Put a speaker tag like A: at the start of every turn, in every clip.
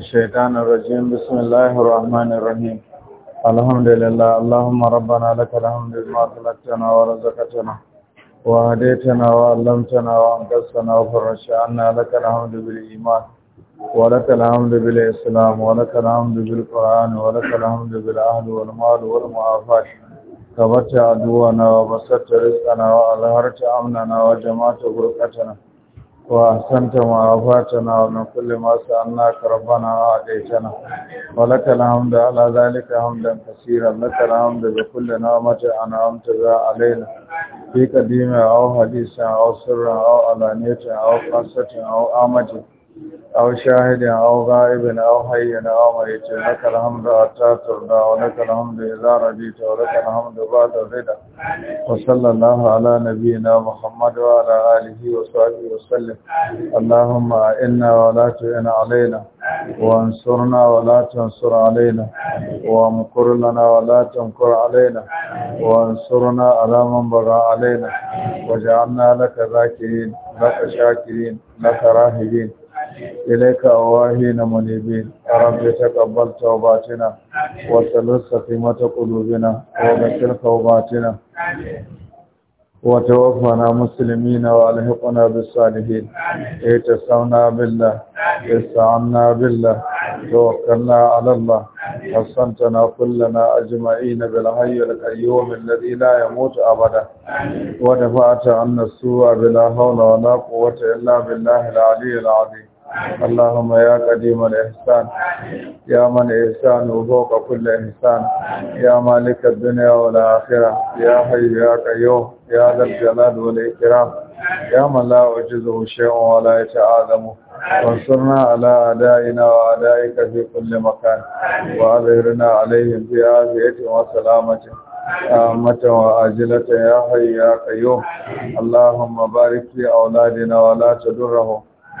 A: الشيطان الرجيم بسم الله الرحمن الرحيم الحمد لله اللهم ربنا لك الحمد بما خلقتنا ورزقتنا وهديتنا وعلمتنا وانقذتنا وفرجت عنا لك الحمد بالايمان ولك الحمد بالاسلام ولك الحمد بالقران ولك الحمد بالاهل والمال والمعافاه كبرت عدونا وبسطت رزقنا واظهرت امننا وجمعت بركتنا وأحسنت ما عافاتنا ومن كل ما سألناك ربنا وأعطيتنا ولك الحمد على ذلك حمدا كثيرا لك الحمد بكل نعمة أنعمت بها علينا في قديم أو حديث أو سر أو علانية أو قصة أو آمة أو شاهد أو غائب أو حي أو ميت لك الحمد حتى ترضى ولك الحمد إذا رضيت ولك الحمد بعد الرضا وصلى الله على نبينا محمد وعلى آله وصحبه وسلم اللهم إنا ولا تئن علينا وانصرنا ولا تنصر علينا وامكر لنا ولا تمكر علينا وانصرنا على من بغى علينا وجعلنا لك ذاكرين لك شاكرين لك راهبين إليك أواهين منيبين رب تقبل توباتنا وسلل سقيمة قلوبنا وبشر توباتنا وتوفنا مسلمين وألحقنا بالصالحين اتصلنا بالله استعنا بالله توكلنا على الله حصنتنا كلنا أجمعين بالحي القيوم الذي لا يموت أبدا ودفعت عنا السوء بلا حول ولا قوة إلا بالله العلي العظيم اللهم يا قديم الإحسان يا من إحسانه فوق كل إحسان يا مالك الدنيا والآخرة يا حي يا قيوم يا ذا الجلال والإكرام يا من لا أعجزه شيء ولا يتعاظمه وانصرنا على أعدائنا وأعدائك في كل مكان وأظهرنا عليهم في عافية وسلامة عامة وعاجلة يا حي يا قيوم اللهم بارك في أولادنا ولا تدرهم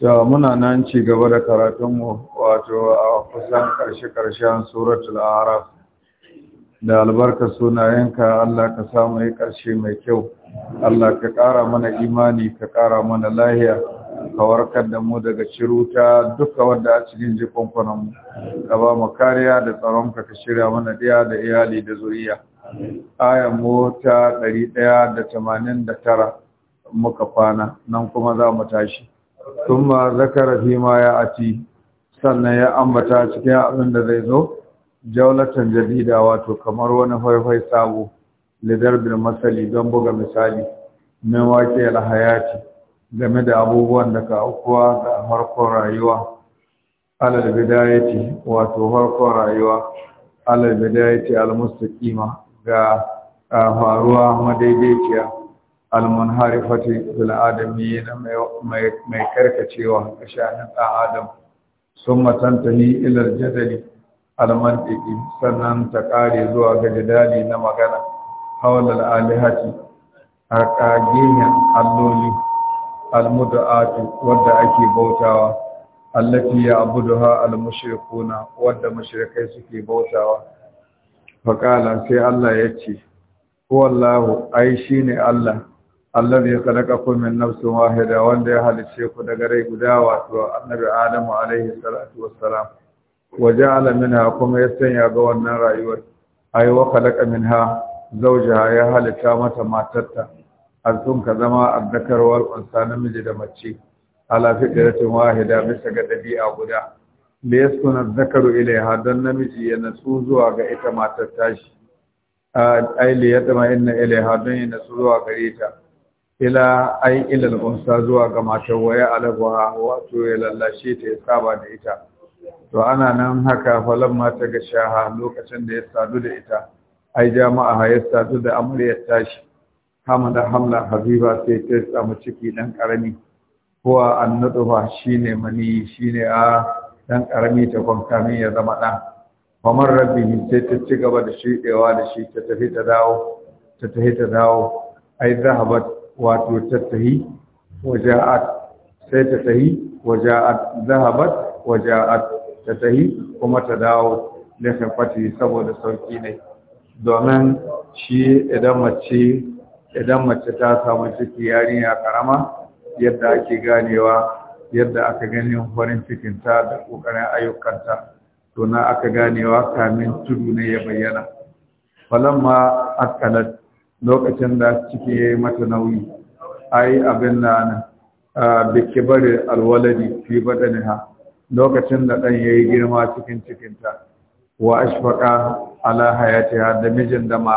A: ta muna nan ci gaba da karatunmu
B: wato a kusan ƙarshe-ƙarshen suratul araf
A: da albarka
B: sunayenka Allah ka samu yi ƙarshe mai kyau Allah ka ƙara mana imani ka ƙara mana lahiya ka warkar da mu daga ciruta duka wadda a cikin jikunkunanmu ka ba mu kariya da tsaron ka shirya mana ɗaya da iyali da zuriya ayan mu ta 189 muka kwana nan kuma za mu tashi thumma zakara fi ma ya'ati sannan ya ambata cikin abin da zai zo jaulatan jadida wato kamar wani faifai sabo lidar bil masali don buga misali wake waƙe hayati game da abubuwan da ka aukuwa ga harkon rayuwa alal bidayati wato harkon rayuwa alal bidayati al mustaqima ga faruwa madaidaiciya almunharifati fil adami na mai karkacewa ga shanin ɗan adam sun matantahi ilar jadali almantiki sannan ta ƙare zuwa ga jidali na magana hawalar 'A harkagiyar alloli almudu'atu wadda ake bautawa allati ya abuduha almushrikuna wadda mashirkai suke bautawa faqala sai Allah yace wallahu ai shine Allah alladhi khalaqakum min nafsin wahida wanda ya halice ku daga rai guda wato annabi adamu alaihi salatu wassalam wa ja'ala minha kuma ya sanya ga wannan rayuwar ai wa khalaqa minha zawjaha ya halitta mata matarta azun ka zama azzakar wal unsa namiji da mace ala fitratin wahida bisa ga dabi'a guda da ya suna zakaru ilaiha don namiji ya natsu zuwa ga ita matar tashi aili ya tsama inna ilaiha don ya natsu zuwa gare ta ila ai ilal unsa zuwa ga matar waya alabaha wato ya lallashe ta ya saba da ita to ana nan haka falan mata ga shaha lokacin da ya sadu da ita ai jama'a ya sadu da amaryar tashi da hamla habiba sai ta samu ciki dan karami kowa annaduwa shine mani shine a dan karami ta min ya zama dan kamar rabbi sai ta ci gaba da shiɗewa da shi ta tafi ta dawo ta tafi ta dawo ai zahabat wato tattahi waja'at sai ta tahi waja'at zahabat waja'at ta tahi kuma ta dawo lafin fati saboda sauki ne domin shi idan mace ta samu ciki yarinya karama yadda ake ganewa yadda aka ganin farin cikinta da kokarin ayyukanta to na aka ganewa kamin tudu ne ya bayyana ma akalat lokacin da ciki ya yi mata nauyi ai abin na biki bari alwaladi fi ha. lokacin da ɗan ya yi girma cikin cikinta wa ashfaqa ala ha da mijin da ma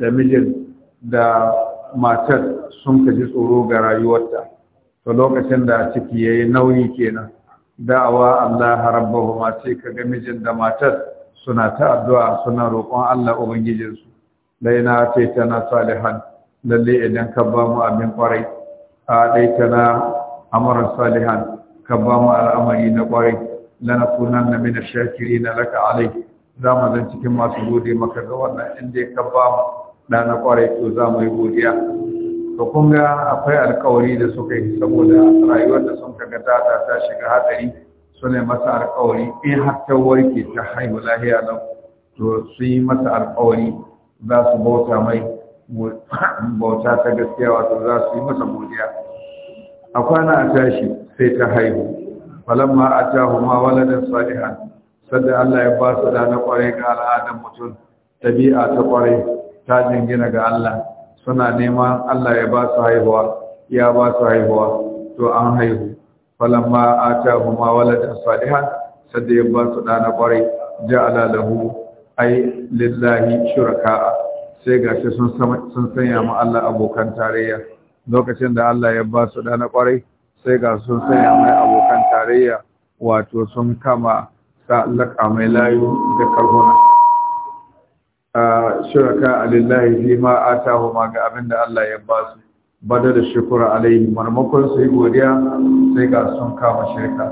B: da mijin da matar sun kaji tsoro ga rayuwarta to lokacin da ciki ya yi nauyi kenan da'awa Allah ma sai kaga mijin da matar suna ta addu'a suna roƙon Allah ubangijinsu dai na ce tana salihan lalle idan ka ba mu abin kwarai a dai tana amara salihan ka ba mu al'amari na kwarai lana kunan na mina shakiri na laka alai za mu zan cikin masu gode maka ga wannan inda ka ba mu da na kwarai to za mu yi godiya to kun ga akwai alkawari da suka yi saboda rayuwar da sun kaga ta ta shiga hatsari su ne masa alkawari in har ta warke ta haihu lahiya nan to su yi masa alkawari za su bauta mai bauta ta gaskiya wato za su yi masa godiya a kwana a tashi sai ta haihu falamma a tahu ma waladin salihan sadda Allah ya ba su dana kwarai ga al'adar mutum tabi'a ta kwarai ta jingina ga Allah suna neman Allah ya ba su haihuwa ya ba su haihuwa to an haihu falamma a tahu ma waladin salihan sadda ya ba su dana kwarai ja'ala lahu ai lillahi shuraka'a sai gashi sun sun sanya ma Allah abokan tarayya lokacin da Allah ya ba su dana kwarai sai ga sun sanya mai abokan tarayya wato sun kama sa'allaka mai layu da a shuraka alillahi fi ma atahu ma ga abin da Allah ya ba su bada da shukura alaihi marmakon su yi godiya sai ga sun kama shirka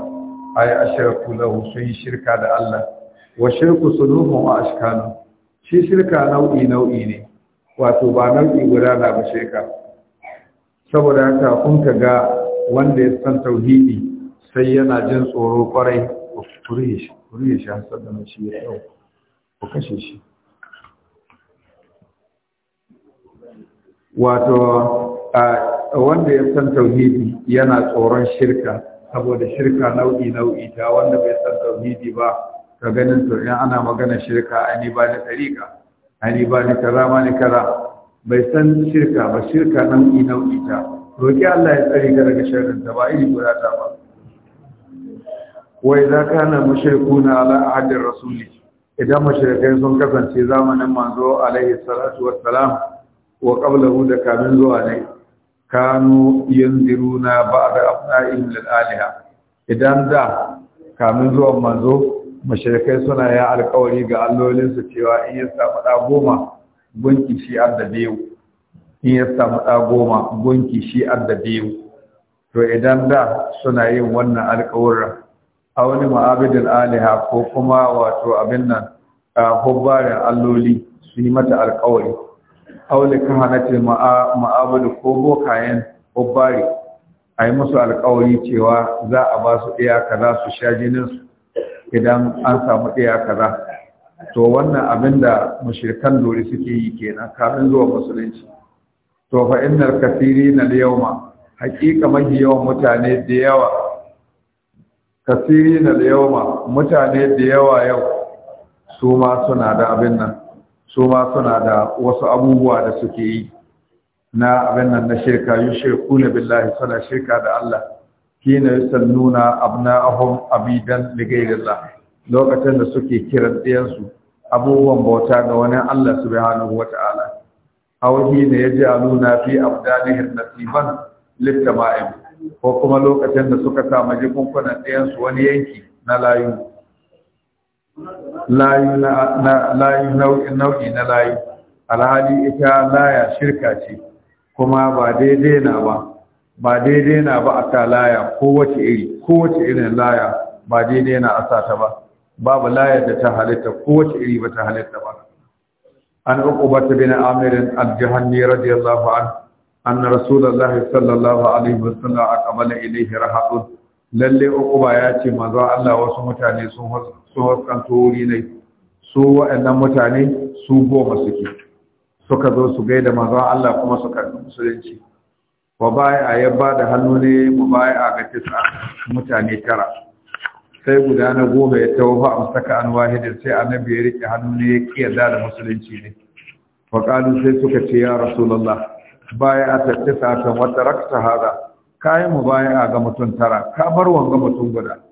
B: ai ashraku lahu sun yi shirka da Allah wa shirku sunuhun wa ashkanu shi shirka nau'i nau'i ne wato ba nau'i guda na ba shirka saboda haka kun ka ga wanda ya san tauhidi sai yana jin tsoro kwarai ku turiye shi turiye shi hasar da mace ya yau ku kashe shi wato wanda ya san tauhidi yana tsoron shirka saboda shirka nau'i nau'i ta wanda bai san tauhidi ba ka ganin to in ana magana shirka a ni ba da A ni ba da kaza ma ni kaza bai san shirka ba shirka nau'i nau'i ta roƙi Allah ya tsare ka daga sharrin ta ba iri guda ta ba ka na kana mushrikuna ala al'adar rasuli idan mushrikai sun kasance zamanin manzo alaihi salatu wa salam wa qablahu da kamin zuwa ne kanu yanziruna ba'da afna'in lil aliha idan da kamin zuwan manzo mashirkai suna ya alkawari ga allolinsu cewa in ya samu ɗa goma gunki shi da biyu in ya samu ɗa goma gunki shi to idan da suna yin wannan alkawarin a wani ma'abidin aliha ko kuma wato abin nan a hubbarin alloli su yi mata alkawari aule ce ma'abudu ko bokayen hubbari a yi musu alkawari cewa za a ba su iyaka za su sha jininsu idan an samu ɗaya kaza to wannan abin da mushirkan dole suke yi kenan kafin zuwa musulunci to fa innal kathirina al-yawma haqiqa mahi yawan mutane da yawa kathirina al-yawma mutane da yawa yau su ma suna da abin nan su ma suna da wasu abubuwa da suke yi na abin nan na shirka na billahi suna shirka da Allah hina yusalluna abna'ahum abidan li lokacin da suke kiran ɗiyansu abubuwan bauta ga wani Allah subhanahu wata'ala aw hina yaj'aluna fi abdanihim nasiban litama'im ko kuma lokacin da suka sa kunkuna ɗiyansu wani yanki na layu layu na layu nau'i na layu alhali ita laya shirka ce kuma ba daidai na ba ba daidai na ba a ta laya wace iri wace irin laya ba daidai na asa ta ba babu layar da ta halitta ko wace iri ba ta halitta ba an uku ba ta bin amir al-jahanni radiyallahu An أن رسول sallallahu alaihi wa sallam, a أقبل إليه haɗu. lalle ba ya ce manzo Allah wasu mutane sun haskanto wuri ne su wa'annan mutane su goma suke suka zo su gaida manzo Allah kuma suka musulunci wa baya ya ba da hannu ne mu baya ga tisa mutane tara sai guda na goma ya a saka an wahidi sai annabi ya rike hannu ne ya kiyarda da musulunci ne fa qalu sai suka ce ya rasulullah baya a tattisa ta wata raksa hada kayan mu baya ga mutum tara ka bar wanga mutum guda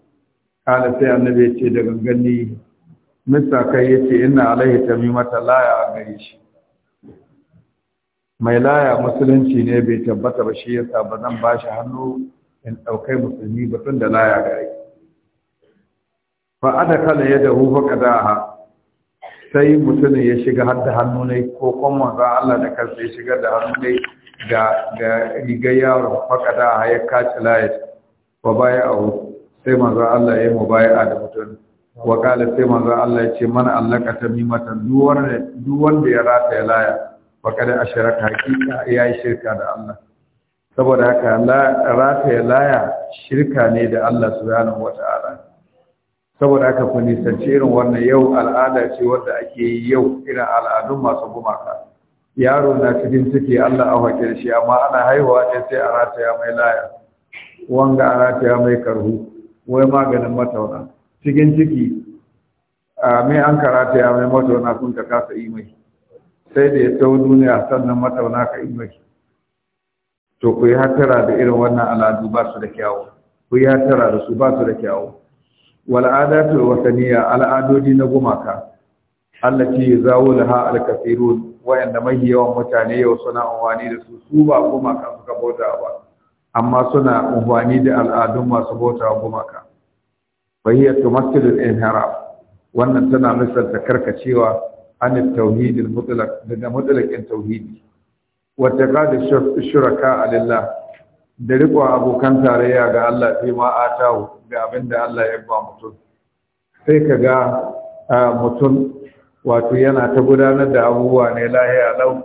B: kala sai annabi ya ce da gangan ni mista kai yace inna alaihi tamimata la ya gare shi mai laya musulunci ne bai tabbata ba shi yasa ba zan ba shi hannu in ɗaukai musulmi ba tun da laya gare fa ada kala ya dahu a ha sai mutumin ya shiga hadda hannu ne ko kuma manzo Allah da kansa ya shiga da hannu ne ga ga riga yaro fa ha ya kaci laya wa bai'ahu sai manzan Allah ya yi mubai'a da mutum wa kala sai manzan Allah ya ce mana allaka mimata duk wanda ya rata ya laya faƙad asharaka hakika ya yi shirka da Allah saboda haka rataya laya shirka ne da Allah wata ala, saboda haka ku nisanci irin wannan yau al'ada ce wadda ake yi yau irin al'adun masu gumaka yaro na cikin ciki Allah a shi amma ana haihuwa ne sai a rataya mai laya wanga a rataya mai karhu wai maganin matauna cikin ciki a mai an karataya mai matauna sun ka kasa yi mai sai da ya tau duniya sannan matauna ka imai to ku yi hatara da irin wannan al'adu ba su da kyawu ku yi hatara da su ba su da kyawu wal adatu wasaniya al'adodi na gumaka Allah ce ya zawo zawulaha al alkafiru wayanda mai yawan mutane yau suna amfani da su su ba gumaka suka bauta ba amma suna unwani da al'adun masu bauta gumaka fa hiya tumassilu al-inhiraf wannan tana misalta karkacewa an Tauhidi, tauhid al-mutlaq daga mutlaqin tauhidi wa taqad shuraka da riƙon abokan tarayya ga Allah fi ma ga abinda Allah ya ba mutum sai kaga mutum wato yana ta gudanar da abubuwa ne lahiya lau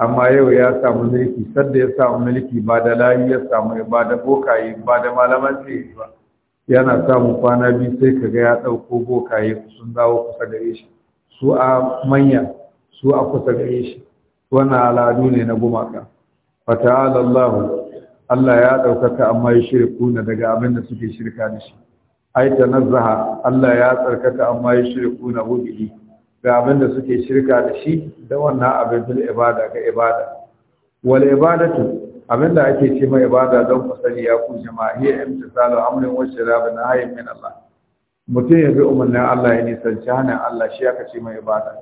B: amma yau ya samu mulki sadda ya samu mulki ba da layi ya samu ba da bokaye ba da malaman ba yana samu kwana biyu sai kaga ya ɗauko bokaye sun dawo kusa gare shi su a manya su a kusa gare shi wannan al'adu ne na gumaka fata alallahu Allah ya ɗaukaka amma ya shirku na daga abin da suke shirka da shi ai zaha Allah ya tsarkaka amma ya shirku na hudu ga abin da suke shirka da shi da wannan abin bil ibada ga ibada wal ibadatu abin da ake ce mai ibada don ku sani ya ku jama'a hiya imtisalu amrin wa shirabin nahyin min Allah mutum ya bi umarnin Allah ya nisanci hana Allah shi aka ce mai ibada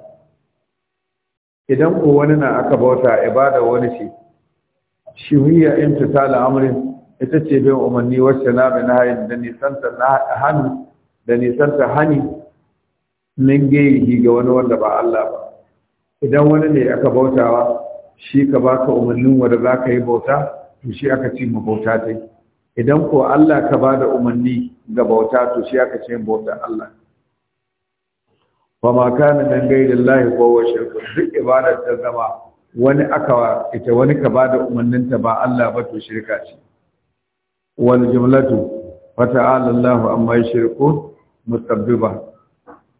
B: idan ko wani na aka bauta ibada wani ce shi wiya Tala amrin ita ce bin umarni wacce na bi nahayin da nisanta hannu da ta hani min gairi ga wani wanda ba Allah ba idan wani ne aka bautawa shi ka baka umarnin wanda za ka yi bauta to shi aka ce mu bauta ta yi idan ko Allah ka ba da umarni ga bauta to shi aka ce bauta Allah kana ma gai da Allah ko wa shirku duk ibadar ta zama wani aka ita wani ka ba da umarnin ta ba Allah ba to shirka ce wal jumlatu fa ta'ala Allah amma yushriku mustabbiba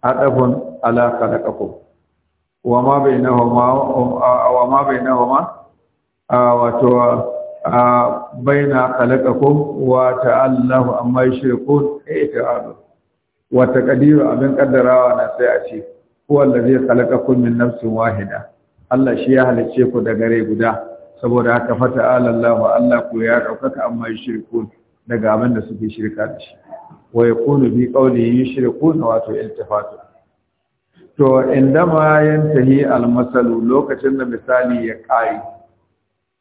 B: adabun ala khalaqakum wa ma bainahuma wa ma bainahuma to A baina khalaqakum wa ta'allahu amma yushrikun i'tiadu eh, wa taqdiru abin qaddarawa na sai a ce huwa allazi khalaqakum min nafsin wahida Allah shi ya halice ku daga rai guda saboda haka fata'ala Allahu Allah ku ya daukaka amma yushrikun daga abin da suke shirka da shi wa yaqulu bi qawli yushrikun wato iltifatu to indama yantahi almasalu lokacin da misali ya kai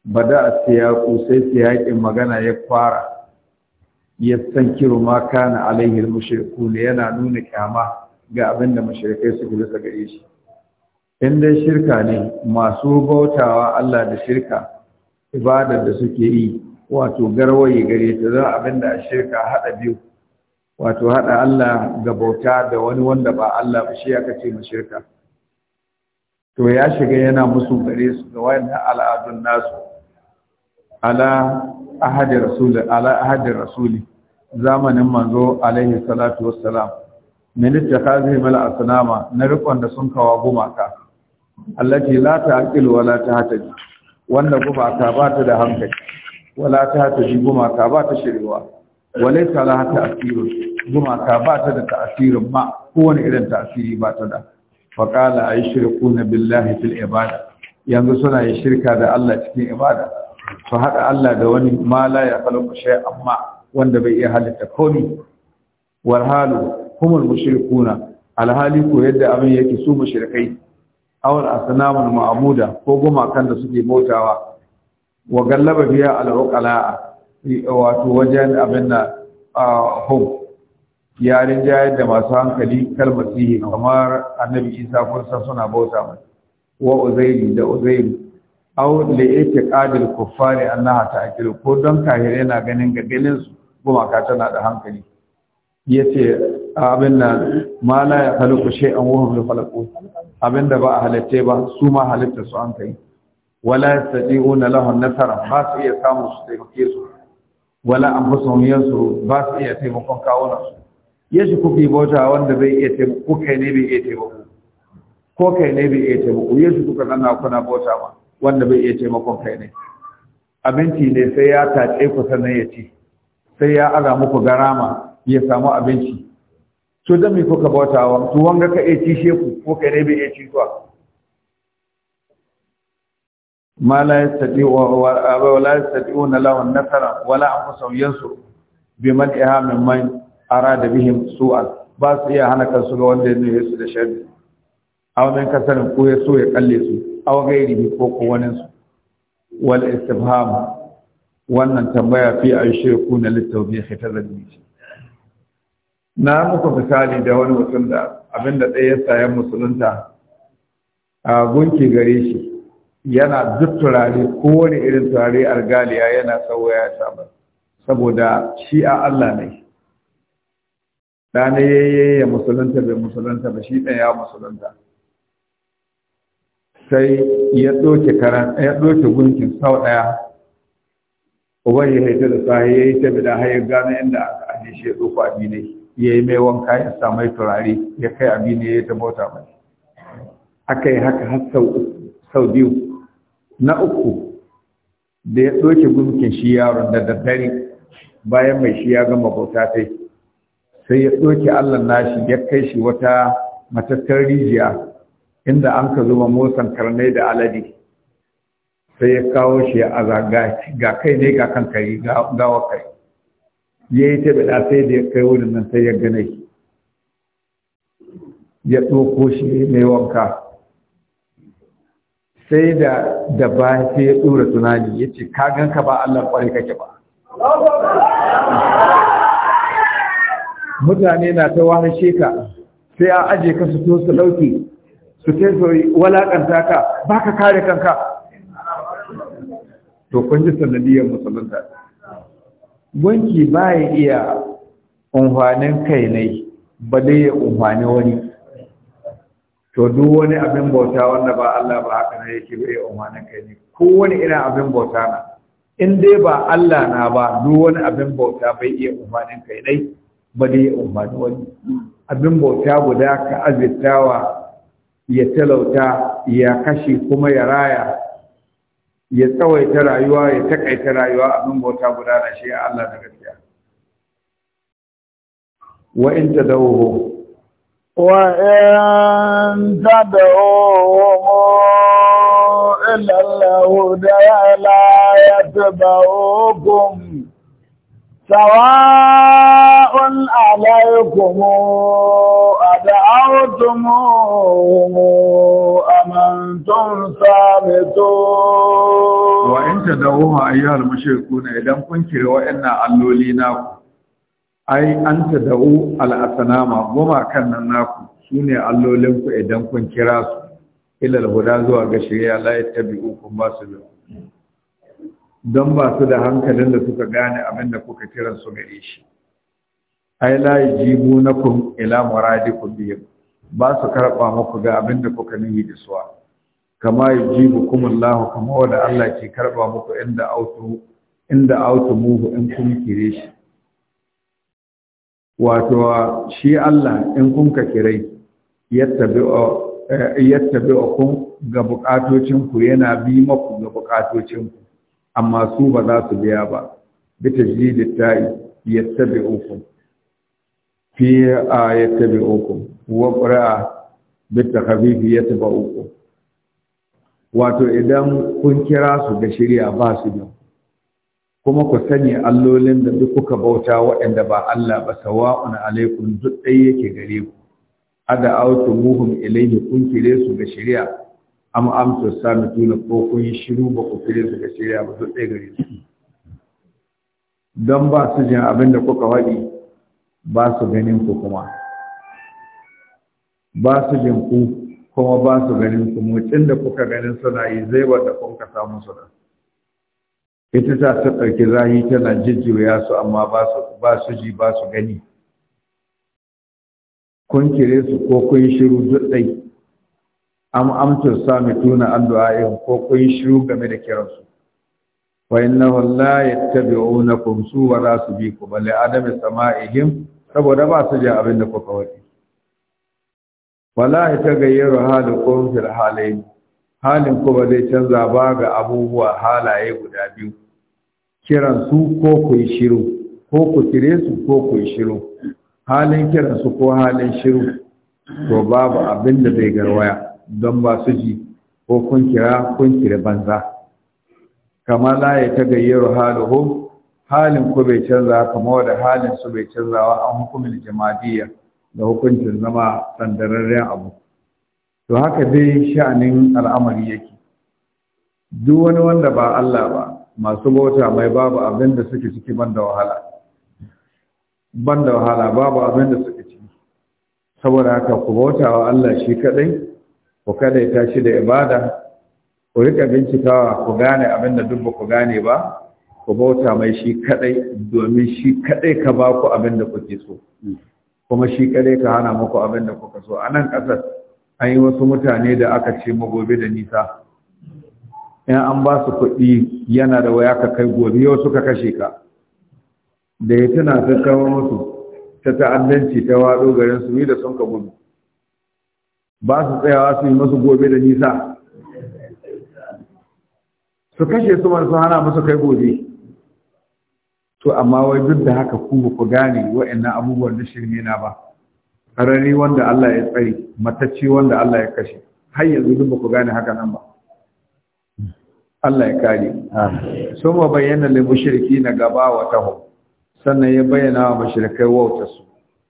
B: bada a siyaƙu sai siyaƙin magana ya fara ya san kiro ma kana alaihil mashirku ne yana nuna kyama ga abin da su gudu ta gare shi in dai shirka ne masu bautawa Allah da shirka ibadar da suke yi wato garwaye gare ta za abin da shirka hada biyu wato haɗa Allah ga bauta da wani wanda ba Allah ba shi aka ce mashirka to ya shiga yana musu gare su ga wayannan al'adun nasu ala ahadi rasuli ala ahadi zamanin manzo alaihi salatu wassalam minista kazi mal asnama na rikon da sun kawo gumaka allati la aqil wala ta tahtaji wanda gumaka ba ta da hankali wala ta tahtaji gumaka ba ta shirwa ta la ta'siru gumaka ba ta da ta'sirin ma kowane irin ta'siri ba ta da fa qala shirkuna billahi fil ibada yanzu suna yin shirka da Allah cikin ibada To haɗa Allah da wani ma la ya khalaqa shay'an amma wanda bai iya halitta komi war halu kuma mushrikuna alhali ko yadda abin yake su mushrikai awal asnamul ma'buda ko goma kan da suke bautawa wa gallaba biya al uqala wato wajen abin da hum yarin jayar da masu hankali kalmar sihi kamar annabi isa kun san suna bauta mai wa uzairi da uzairi aw li itiqadil kuffari annaha ta'qilu ko don kahire na ganin ga ganin su tana da hankali yace abin da ma la ya khaluqu shay'an wa da yakhluqu abin da ba a halitta ba su ma halitta su an kai wala yastati'una lahu nasara ba su iya samu su taimake su wala anfusuhum su ba su iya taimakon kawunan su kuka yi bauta wanda bai iya taimako kai ne bai iya taimako ko kai ne bai iya taimako shi kuka zanna kuna bauta ba wanda bai iya taimakon kai ne abinci ne sai ya tace ku sannan ya ci sai ya aza muku garama ya samu abinci to dan me kuka bautawa to wanga ka iya cishe ku ko kai ne bai iya ci ku ma la yastati'u wa la yastati'una la wan nasara wa la anfusahum yansur man iha man arada bihim su'al ba su iya hana kansu ga wanda ya nuna su da shari'a A min kasarin ko ya so ya kalle su aw bi ko ko wani su wal istifham wannan tambaya fi aishirku na littaubihi ta zalmici na muku misali da wani mutum da abinda ɗaya sayan musulunta a gunki gare shi yana duk turare wani irin turare argaliya yana sauya ya saboda shi a Allah ne ɗane yayye musulunta bai musulunta ba shi ɗaya musulunta sai ya ɗoke karan ya ɗoke gunkin sau ɗaya uban ya haita da sahi ya yi ta bida har gane inda aka aje shi ya ɗoko abi ne ya yi mai wanka ya sa mai turare ya kai abi ne ya ta bauta mai aka yi haka har sau biyu na uku da ya ɗoke gunkin shi yaron da daddare bayan mai shi ya gama bauta sai sai ya ɗoke allah nashi ya kai shi wata matattar rijiya inda an ka zuba motsan karnai da alade sai ya kawo shi a ga kai ne ga kan kai gawa kai ya yi ta da sai da ya kai wurin nan sai ya gane ya ɗauko shi mai wanka sai da da ba sai ya ɗora tunani ya ce ka gan ka ba Allah ƙwarai kake ba mutane na ta wani sheka sai a aje ka su to su ɗauke su ce soyi walakanta ka ba ka kare kanka to kun ji sanadiyar musulunta Wanki ba ya iya umfanin kai ne ba dai ya umfani wani to duk wani abin bauta wanda ba Allah ba haka ne yake ba ya umfanin kai ne wani irin abin bauta na in dai ba Allah na ba duk wani abin bauta bai iya umfanin kai ne ba dai ya umfani wani abin bauta guda ka azirtawa ya talauta ya kashi kuma ya raya ya tsawaita rayuwa ya takaita rayuwa a abin bauta guda da shi
C: Allah da gaskiya
B: wa in tadawuhu
C: wa in tadawuhu illa Allah da la yatbaukum سواء عليكم دعوتموهم أمنتم ثابتون
B: وإن تدعوها أيها المشركون إذا كنتم alloli naku? ai an ta da'u al'asanama goma kan nan naku su ne allolinku idan kun kira su ilal guda zuwa ga shirya layar ta biyu kun ba su don ba su da hankalin da suka gane abin da kuka kiran su gare shi ai la yajibu nakum ila muradikum bi ba su karba muku ga abin kuka nuni da suwa kama yajibu kumullahu kama wanda Allah ke karba muku inda auto inda auto muhu in kun kire shi wato shi Allah in kun ka kirai yattabi'u eh, kun ga bukatocin ku yana bi maku ga bukatocin ku amma su ba za su biya ba bi ta'i fi uku wa ya bitakhafifi uku. wato idan kun kira su ga shirya ba su da kuma ku sani allolin da duk kuka bauta waɗanda ba Allah ba sawa'un alaikum duk ɗaya yake gare ku ada autu muhum ilaihi kun kire su ga shirya am amsu samituna ko kun yi shiru ba ku kire su ga shirya ba duk gare su don ba su jin abin da kuka waɗi ba su ganin ku kuma ba su jin ku kuma ba su ganin ku mu da kuka ganin suna yi zai wanda kun ka samu su ita ta ta ɗauki zahi tana jijjiya su amma ba su ji ba su gani kun kire su ko kun shiru duk ɗai am amtu sami tuna an du'a'in ko kun shiru game da su wa innahu la yattabi'unakum su wa la subiku bal adami sama'ihim saboda ba su ji abin da kuka waɗi. wallahi ta gayyaru ko fil halaye, halin kuma zai canza ba ga abubuwa halaye guda biyu kiran su ko ku yi shiru ko ku kire su ko ku yi shiru halin kiran su ko halin shiru to babu abin da zai garwaya don ba su ji ko kun kira kun kira banza Kamala ya ta gayyaru ko. halin ku bai canza kamar da halin su bai canzawa an hukumin jamadiyya da hukuncin zama sandararren abu to haka dai sha'anin al'amari yake duk wani wanda ba Allah ba masu bauta mai babu abin da suke ciki banda wahala banda wahala babu abin da suke ciki saboda haka ku bauta wa Allah shi kadai ku kadaita shi da ibada ku rika bincikawa ku gane abin da dubba ku gane ba ku bauta mai shi kadai domin shi kadai ka ba ku abin da kuke so kuma shi kadai ka hana muku abin da kuka so a nan ƙasar an yi wasu mutane da aka ce magobe da nisa in an ba su kuɗi yana da waya ka kai gobe yau suka kashe ka da ya tuna ta kawo musu ta ta'addanci ta waɗo garin su da sun ka gudu ba su tsayawa su yi masu gobe da nisa su kashe su masu hana musu kai gobe to amma wai duk da haka ku ku gane wa'annan abubuwan da ne na ba karari wanda Allah ya tsari matacci wanda Allah ya kashe har yanzu duk ba ku gane haka nan ba Allah ya kare so ma bayyana lil na gaba wa taho sannan ya bayyana wa mushrikai wauta su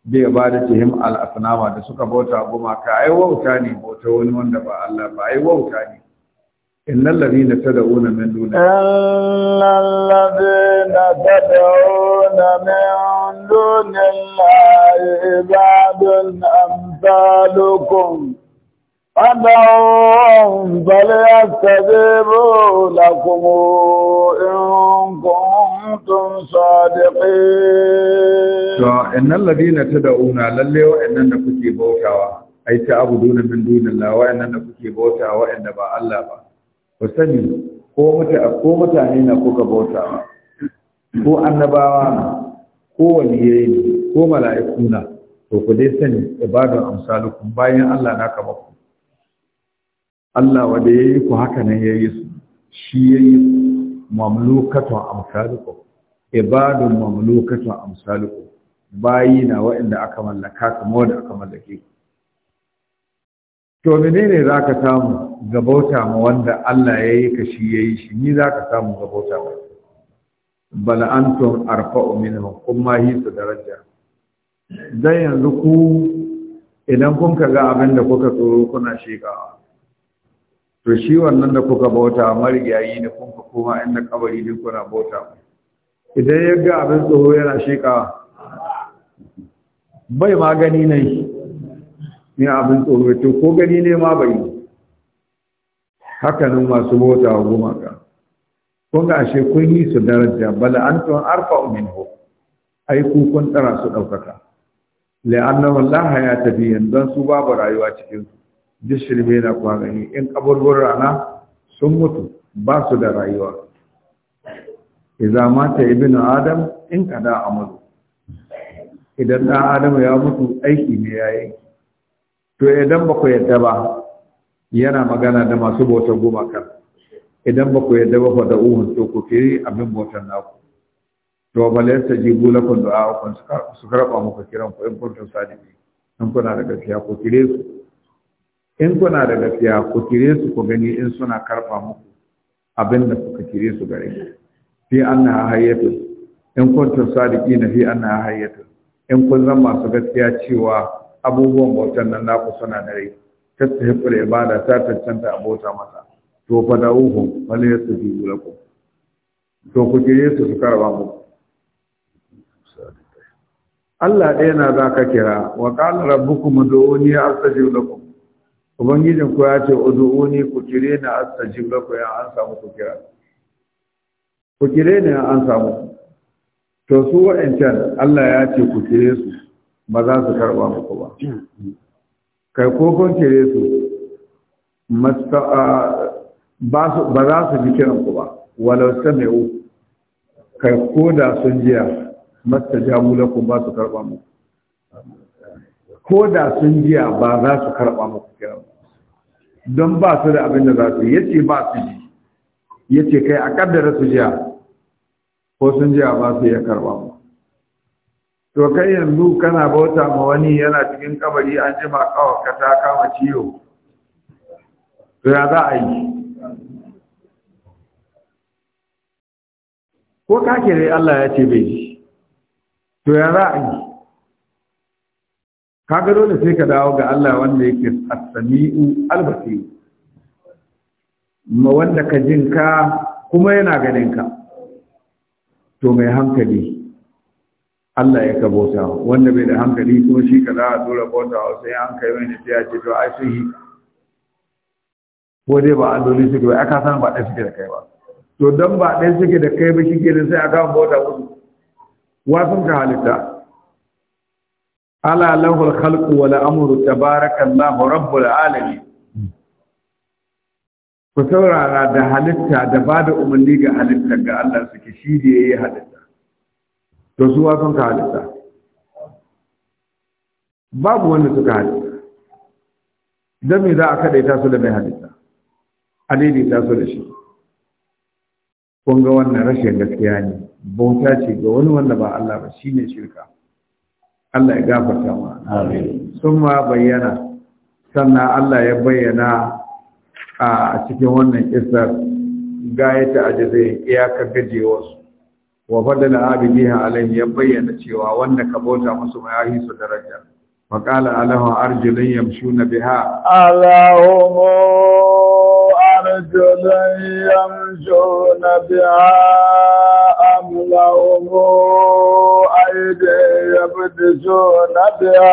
B: bi ibadatihim al asnama da suka bauta ka ai wauta ne bauta wani wanda ba Allah ba ai wauta ne
C: إن الذين تدعون من دون إن الذين تدعون من دون الله عباد أمثالكم فدعوهم فليستجيبوا لكم إن كنتم صادقين
B: إن الذين تدعون للي وإننا كتبوا كوا أي تعبدون من دون الله وإن أنكم تجيبوا وإن با الله با ku sani ko mutane na kuka bauta ko annabawa na ko waliyai ne ko mala'iku na to ku dai sani ibadan amsalukum bayan Allah na ka ku Allah wanda yayi ku haka nan yayi su shi yayi mamlukatu amsalukum ibadun mamlukatu amsalukum bayi na waɗanda aka mallaka kuma wanda aka mallake ku to menene za ka samu ga bauta ma wanda Allah ya yi ka shi ya yi shi ni za ka samu ga bauta ma tun arfa arfa'u kun kuma yi su daraja dan yanzu ku idan kun ka ga abin da kuka tsoro kuna shekawa to shi wannan da kuka bauta marigayi ne kun ka koma inda kabari ne kuna bauta idan ya ga abin tsoro yana shekawa bai magani ne Ni abin tsoro to ko gani ne ma bai hakanan masu mota goma gumaka kun ga ashe kun yi su daraja bala antum arfa minhu ai ku kun tsara su daukaka la'anna wallahi ya tafi yanzu su babu rayuwa cikin mai na kwa gani in kaburbur rana sun mutu ba su da rayuwa idza mata ibnu adam in kada amalu idan dan adam ya mutu aiki ne ya yayi to idan ba ku yadda ba yana magana da masu bautar gumaka idan ba ku yadda ba da uhun to ku kiri abin bautar naku to ba la yastajibu lakum du'a kun su karba muku kiran ku in kuntum sadiqin in kuna da gaskiya ku kire su in kuna da gaskiya ku kire su ku gani in suna karba muku abin da kuka kire su gare ku fi anna hayatu in kuntum sadiqin fi anna hayatu in kun zan masu gaskiya cewa abubuwan bautan nan naku suna da rai tattahiqul ibada ta a abota masa to fa da'uhu ya yastajibu lakum to ku kire su su karba mu Allah ɗaya na za ka kira wa qala rabbukum ud'uni astajib lakum ubangijin ku ya ce ud'uni ku kire ni astajib lakum ya an samu ku kira ku kire ni an samu to su wa'ancan Allah ya ce ku kire su ba za su karɓa muku ba kai ko kun cire su ba za su ji kiranku ba walau u kai ko da sun jiya masta jamu lakun ba su karɓa muku ko da sun jiya ba za su karɓa muku kiran don ba su da abin da za su yi ce ba su ji yace kai a kaddara su jiya ko sun jiya ba su iya karɓa muku to kai yanzu kana bauta ma wani yana cikin kabari an ji ma kawaka ta kama ciwo to ya za a yi ko ka kere Allah ya ce bai ji to ya za a yi Ka ga dole sai ka dawo ga Allah wanda yake as-sami'u al-basir ma wanda ka jinka kuma yana ganin ka to mai hankali Allah ya ka bauta wanda bai da hankali kuma shi ka za a tura bauta wa sai an kai wani sai ya ce to ai sun yi ko dai ba alloli suke ba aka san ba ɗaya suke da kai ba to don ba ɗaya suke da kai ba shi ke sai aka bauta wasu wasun ka halitta ala lahul khalqu wal amru tabarakallahu rabbul alamin ku saurara da halitta da bada umarni ga halitta ga Allah suke shi da yayi halitta to su sun ka halitta babu wanda suka halitta don me za a kadaita su da mai halitta a ta su da shi kun ga wannan rashin gaskiya ne bauta ce ga wani wanda ba Allah ba shine shirka Allah ya gafarta ma sun ma bayyana sannan Allah ya bayyana a cikin wannan kisar gayata a jazai iyakar gajewarsu wa fadala abidiha alaihi ya bayyana cewa wanda ka bauta musu mayahi su daraja wa qala alahu arjulun yamshuna biha
C: alahu arjulun yamshuna biha am lahum aydin biha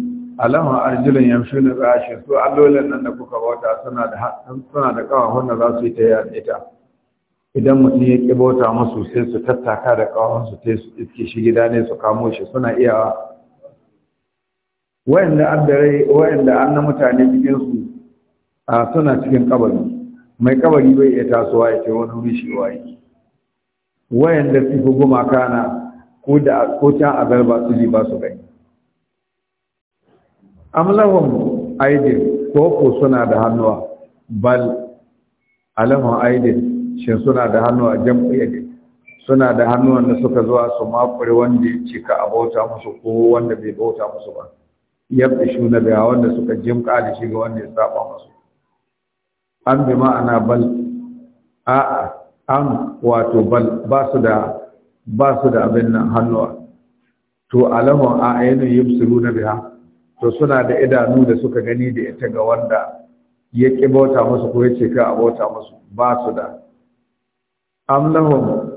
B: alama arjilin yamshi na rashin su allolin nan da kuka bauta suna da suna da kawahun da za su yi ta yi yaɗe idan mutum ya ƙi bauta musu sai su tattaka da kawahun su ta su iske shi gida ne su kamo shi suna iyawa wayanda addarai wayanda an na mutane cikin su a suna cikin kabari mai kabari bai iya tasowa ya ce wani wuri shi waye wayanda su gumaka na ko da ko ta azar ba su ji ba su gani amlahum aidin ko ko suna da hannuwa bal alamun aidin shin suna da hannuwa jam'iyya suna da hannuwan da suka zuwa su makure wanda ya cika a bauta musu ko wanda bai bauta musu ba yabda shuna biya wanda suka jimka da shi ga wanda ya saba musu an bi ma'ana bal a'a an wato bal ba su da ba su da abin nan hannuwa to alamun a yi yubsiru na biya to suna da idanu da suka gani da ita ga wanda ya ƙi bauta musu ko ya ce ka a bauta musu ba su da amlahum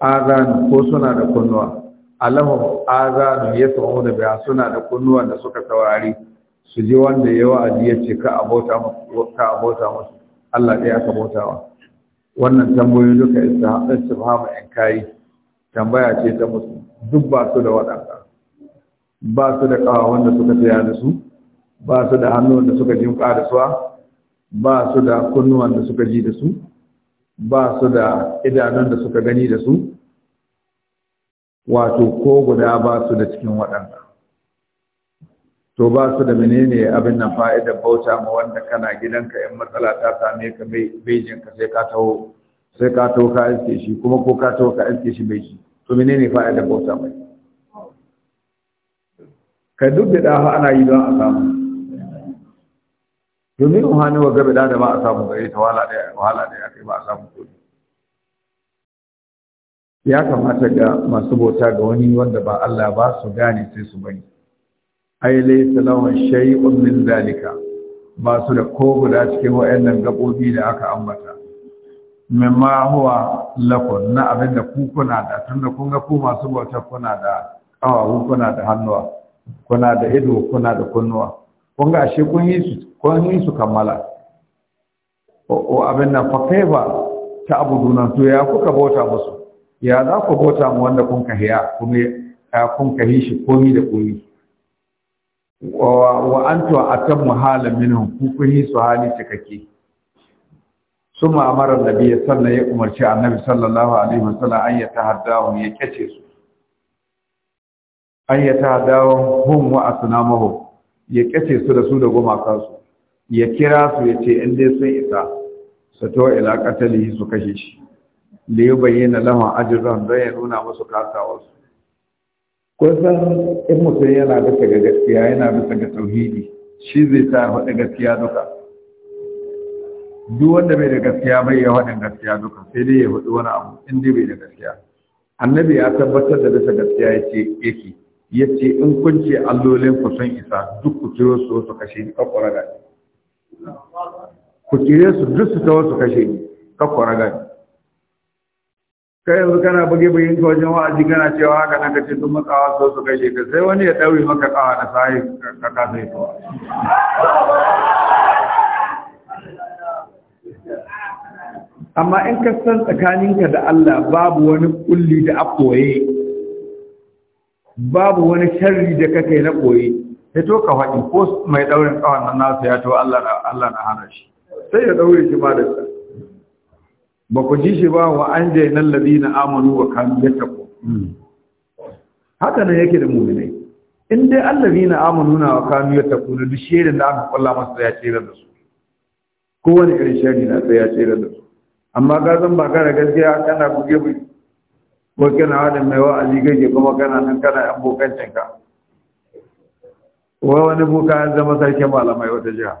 B: azan ko suna da kunnuwa alahum azanu da biya suna da kunnuwa da suka saurari su ji wanda ya wa'azi ya ce ka bauta musu ka bauta musu Allah ɗaya aka bautawa wannan tambayoyi duka mu in kai tambaya ce ta musu duk ba su da waɗanda ba su da ƙawawan da suka tsaya da su ba su da hannu wanda suka jimƙa da suwa ba su da kunnuwan da suka ji da su ba su da idanun da suka gani da su wato ko guda ba su da cikin waɗanda to ba su da menene abin nan fa'idar bauta ma wanda kana gidanka in matsala ta same ka bejin ka sai ka taho sai ka taho ka iske shi kuma ko ka taho ka iske shi bai shi to menene fa'idar bauta mai kai duk da ɗaha ana yi don a samu domin in hannu wa gaba da ba a samu gare ta wahala ɗaya wahala ɗaya kai ba a samu kudi ya kamata ga masu bauta ga wani wanda ba Allah ba su gane sai su bari ai laysa lahum shay'un min zalika ba su da ko guda cikin wayannan gabobi da aka ambata mimma huwa lakun na abinda ku kuna da tunda kun ga ku masu bauta kuna da kawawu kuna da hannuwa kuna da ido kuna da kunnuwa kun ga ashe kun yi su kun yi su kammala o abin nan fa kaifa ta abuduna to ya kuka bauta musu ya za ku bauta mu wanda kun ka hiya kuma kun ka yi shi komi da komi wa antu atam mahala minhum ku kun yi su hali cikakke suma amara nabi sannan ya umarci annabi sallallahu alaihi wasallam an ya tahaddahu ya kace su an yi ta dawon hun wa asnamahu ya kace su da su da gumakansu ya kira su ya ce in dai sun isa su to ila katali su kashe shi ya bayyana lahum ajran da ya nuna musu kasawarsu kusan in mutum yana bisa ga gaskiya yana bisa ga tauhidi shi zai sa faɗi gaskiya duka duk wanda bai da gaskiya bai ya faɗin gaskiya duka sai dai ya faɗi wani abu in dai bai da gaskiya annabi ya tabbatar da bisa gaskiya ya ce yake ya ce in kun ce allolin ku sun isa duk ku kiro su su kashe ni kakwara gani ku kire su duk su tawo su kashe ni kakwara gani kai yanzu kana buge bugen ka wajen wa'azi kana cewa haka nan kace sun matsawa su su kashe ka sai wani ya daure maka ƙawa da sahi ka kasa yi to amma in ka san tsakaninka da Allah babu wani kulli da akoye babu wani sharri da kake na koyi to ka faɗi ko mai ɗaurin ƙawan nan nasu ya to Allah na hana shi sai ya ɗaure shi ma da ba ku ji shi ba wa an jai nan na amanu wa kanu ya tako haka nan yake da muminai in dai na amanu na wa kanu ya tako na duk shirin da aka kwalla masa ya tsira da su kowane irin shari na sai ya tsira da su amma ga zan ba gara gaskiya kana buge buge ko kana wani mai wa'azi kake kuma kana nan kana yan bokancin ka wai wani buka ya zama sarkin malamai wata jiha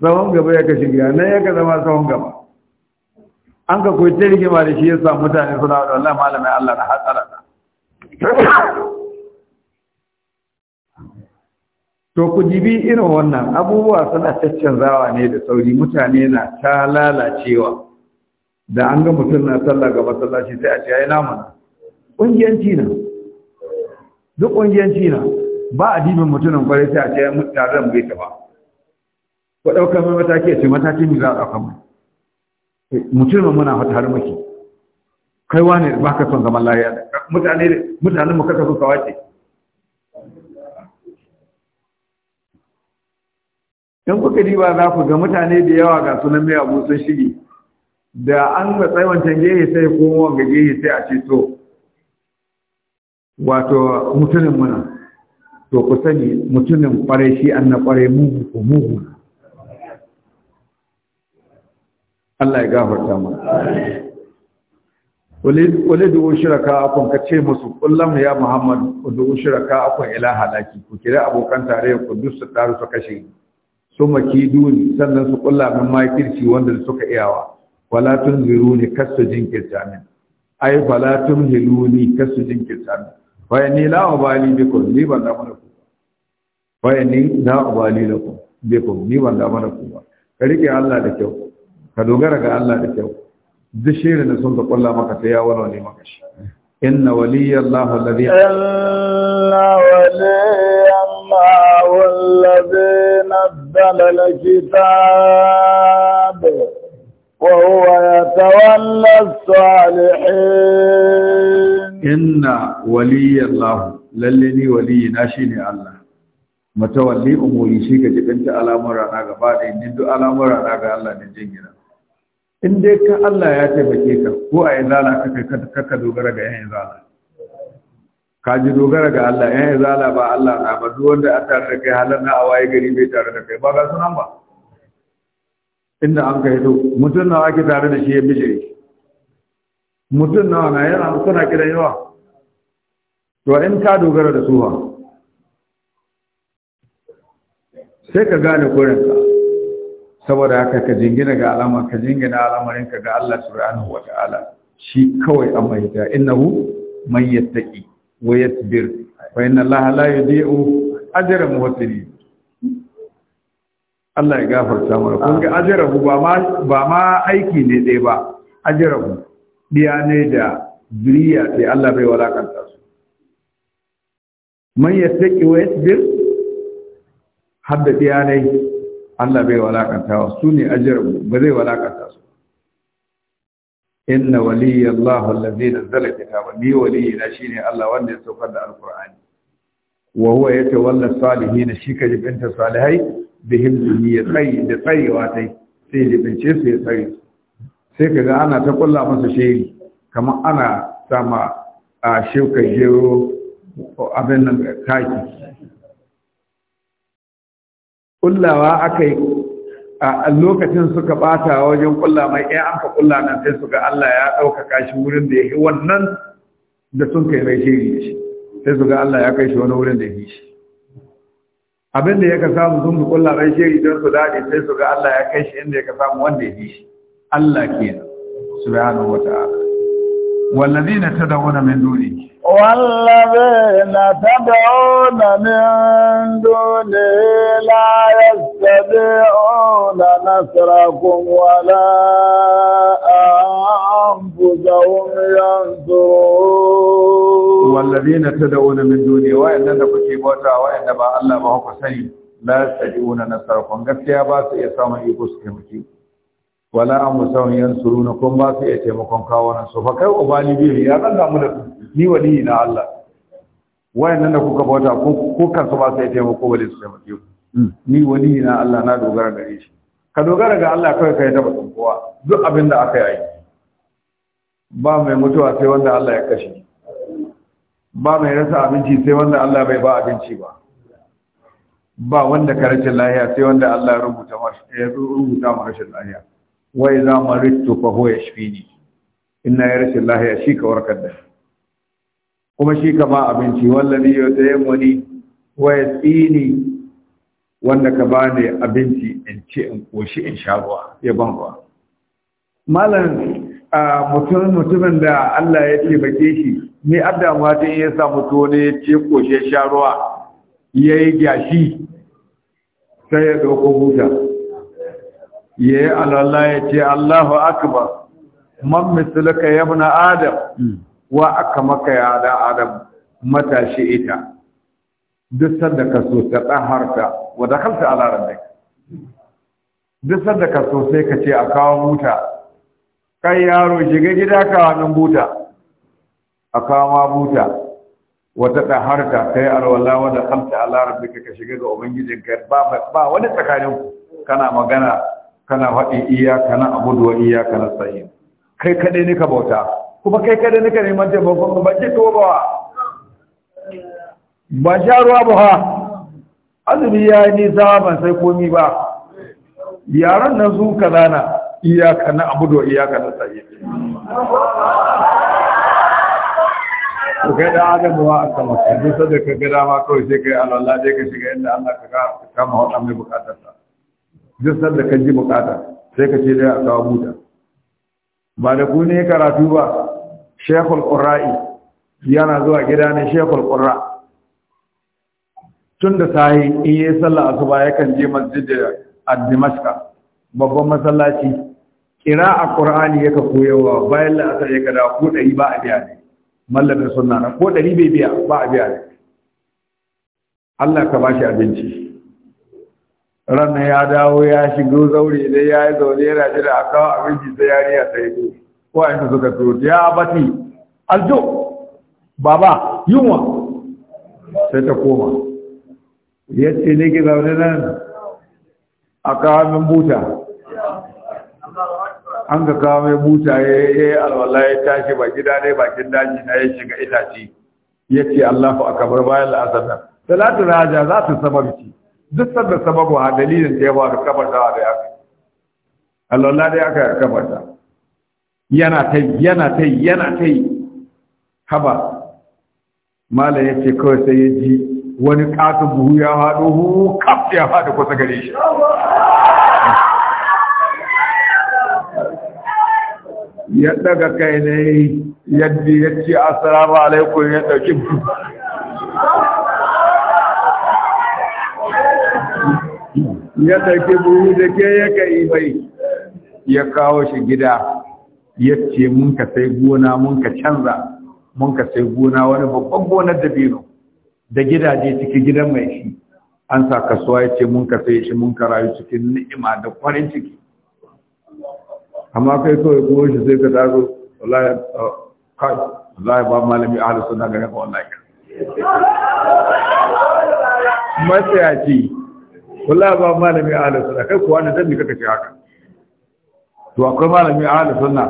B: tsawon gaba ya kashe gida nan ya ka zama tsawon gaba an ka koyi ta rigima da shi ya sa mutane suna da wallahi malamai Allah na hatsara ta to ku jibi irin wannan abubuwa suna zawa ne da sauri mutane na ta lalacewa da an ga mutum na sallah ga masallaci sai a ce ai nama kungiyanci na duk kungiyanci na ba addinin mutumin kwarai sai a ce mu tare mu gaita ba ko daukar mai mataki ya ce matakin mi za a kama. mai mutumin muna har maki kai wane ba ka son zaman lafiya mutane mutanen mu kaka so kawace in kuka diba za ku ga mutane da yawa ga sunan mai abu sun shige da an ga tsayawancan gehe sai kuma wanga gehe sai a ce to wato mutumin muna to ku sani mutumin kwarai shi an na kwarai mugu ko mugu Allah ya gafarta mu wale da ushiraka akon ka ce musu kullum ya muhammadu da ushiraka akon ila halaki ku kira abokan tarayyar ku duk su taru su kashe su maki duni sannan su kulla min makirci wanda suka iyawa wala tunziruni kasu jinkirta min ai hilu tumhiluni kasu jinkirta min waye ni la ubali ko ni ban da mana ku fa inni la ubali bi ko ni ban da mana ku ka rike Allah da kyau ka dogara ga Allah da kyau duk shirin da sun ka kulla maka ta ya wala ne maka shi inna Allah alladhi inna
C: Allah alladhi nazzala alkitaba وهو يتولى الصالحين إن
B: ولي الله للني ولي ناشيني الله matawalli umuri shi ga jibinta al'amura na gaba da yin duk al'amura na ga Allah da jingina in dai ka Allah ya taimake ka ko a izala kaka dogara ga yan izala ka ji dogara ga Allah yan izala ba Allah na ba duk wanda a tare kai halar na awaye gari bai tare da kai ba ga sunan ba inda an kai so mutum nawa ake tare da shi ya shi mutum nawa na yana kuna kira yawa to in ka dogara da suwa sai ka gane korinka saboda haka ka jingina ga alama ka jingina alamarinka ga Allah subhanahu Ta'ala, shi kawai a mai ta innahu man yattaqi wa yasbir fa inna Allah la yudi'u ajra muhsinin Allah ya gafarta mana kun ga ajrahu ba ma ba ma aiki ne dai ba ajrahu diya ne da zuriya sai Allah bai walakanta su man ya yattaqi wa yasbir hadda diya ne Allah bai walakanta su ne ajrahu ba zai walakanta su inna waliyya Allah allazi zala kitaba ni waliyyi na shine Allah wanda ya saukar da alqur'ani wa huwa yatawalla salihin shi ka jibinta salihai Bihin zuni ya tsaye da tsayewa ta sai da bince su ya tsaye sai ka ga ana ta kulla masa shiri kamar ana sama a shukar gero abin nan kaki kullawa aka yi a lokacin suka bata wajen kulla mai ɗaya an ka kulla nan sai ga Allah ya ɗaukaka shi wurin da ya yi wannan da sun kai mai shiri da shi sai ga Allah ya kai shi wani wurin da ya yi shi abin da ya ka samu sun fi kulla mai shiri don su daɗe sai su ga Allah ya kai shi inda ya ka samu wanda ya shi Allah ke nan su bayan na wata ala wallazi na ta dauna min duni
C: Wallabi na ta dauna min duni la ya sabi ona nasara kun wala an fuzawun yanzu
B: wallazina dauna min duni wa inna
C: da kuke bauta wa inna ba Allah ba ku sani la
B: tad'una nasarkum gaskiya ba su iya samun iko su taimake wala amusan yansuruna kun ba su iya taimakon kawunan su fa kai ubali bi ya zan mu da ni wali na Allah wayannan da kuka bauta ko su ba su iya taimako ba su taimake ni wali na Allah na dogara da shi ka dogara ga Allah kai kai da batun kowa duk abin da aka yi ba mai mutuwa sai wanda Allah ya kashe ba mai rasa abinci sai wanda Allah bai ba abinci ba ba wanda ka rashin lahiya sai wanda Allah rubuta ya rubuta ma rashin lahiya Wai mu idza maridtu fa huwa yashfini inna ya rashin lahiya shi ka warkar da kuma shi ka ba abinci wallazi yutayammuni waya yasini wanda ka bani abinci in ce in koshi in sha ruwa ya ban ruwa malam mutum mutumin da Allah ya ce bake shi mai addamuwa ta ya samu tone ya ce koshe sharuwa ya yi gyashi sai ya ɗauko huta. ya yi alalla ya ce Allahu akbar man misalaka ya muna adam wa aka maka ya da adam matashi ita duk sanda ka so ta wa wadda kalta a larar duk sanda ka so sai ka ce a kawo huta. kai yaro shiga gida ka wani buta a kama buta wata ɗaharta, harka kai alwala wa kamta a rabbika ka shiga ga ubangijin ka ba wani tsakanin kana magana kana faɗi iya kana abuduwa iya kana sayi kai kade ne ka bauta kuma kai kade ne ka neman taimakon ba ki tobawa ba sha ruwa ba ha azumi ya yi nisa ban sai komi ba yaran nan su kazana iyaka na abudu wa iyaka na sa'i ku kai da adam wa aka maka duk da ka ga dama kawai sai kai alwala dai ka shiga inda Allah ka kama wa mai bukatar sa duk da ka ji bukata sai ka ce dai a kawo buta ba da ku ne karatu ba shekul qurra'i yana zuwa gida ne shekul qurra tun da sahi in yi sallah asuba yakan je masjid ad-dimashqa babban masallaci kira a ƙur'ani yaka koyarwa bayan la'asar ya kada ko ɗari ba a biya ne mallamin suna na ko ɗari bai biya ba a biya ne Allah ka bashi abinci ranar ya dawo ya shigo zaure dai ya yi zaune yana jira a kawo abinci sai yariya ta yi ko a yanzu suka turo ya bati aljo baba yunwa sai ta koma Yace ne ki zaune nan a kawo min buta an ka kawo mai buta ya yi alwala ya tashi ba gida ne bakin daji na ya shiga itace ya ce Allahu akbar bayan la'asar nan salatu raja za ta sababci duk sanda sababu ha dalilin da ya ka kabarta da ya ka alwala dai aka da yana ta yana ta yana ta haba malam ya ce kawai sai ya ji wani katon buhu ya haɗo hukaf ya haɗo kusa gare shi ya daga kai ne yadda ya ce assalamu alaikum ya dauki ya dauki buru da ke ya kai bai ya kawo shi gida ya ce mun ka sai gona mun ka canza mun ka sai gona wani babban gonar dabino da gidaje ciki gidan mai shi an sa kasuwa ya ce mun ka sai shi mun ka rayu cikin ni'ima da kwarin ciki
D: amma kai kawai kuma shi sai
B: ka taso wallahi uh, kai wallahi ba malami ahlus sunna ga ka wallahi
D: matsayaci
B: wallahi ba malami ahlus na kai kuwa na zan kaka ce haka to akwai malami ahlus na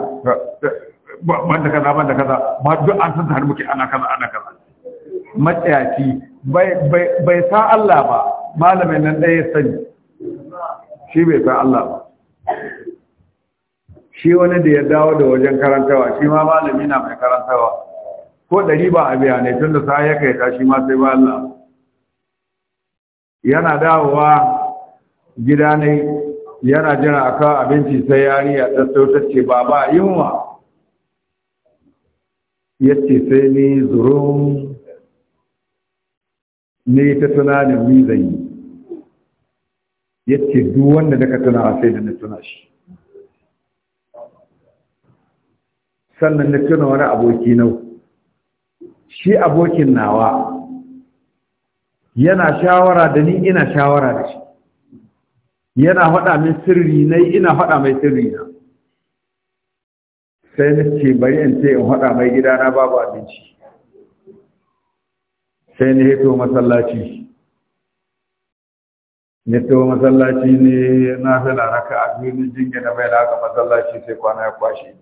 B: banda kaza banda kaza ma duk an san har muke ana kaza ana kaza
D: matsayaci
B: bai san Allah ba malamin nan ɗaya sani shi bai san Allah ba shi wani da ya dawo da wajen karantawa shi ma malami na mai karantawa ko ɗari ba a biya ne tun da sa ya kai shi ma sai ba Allah yana dawowa gida ne yana jira a kawo abinci sai yari yariya ta ce ba ba yunwa ya ce sai ni zurun ne ta tunanin mi zai ya ce duk wanda daga tunawa sai da na tuna shi sannan na tuna wani aboki nau shi abokin nawa yana shawara da ni ina shawara da shi yana faɗa min sirri na ina faɗa mai sirri na sai na ce bari in ce in faɗa mai gidana babu abinci sai na heto masallaci ne to masallaci ne na fila raka a duniyar jingina mai na ga masallaci sai kwana ya kwashe ni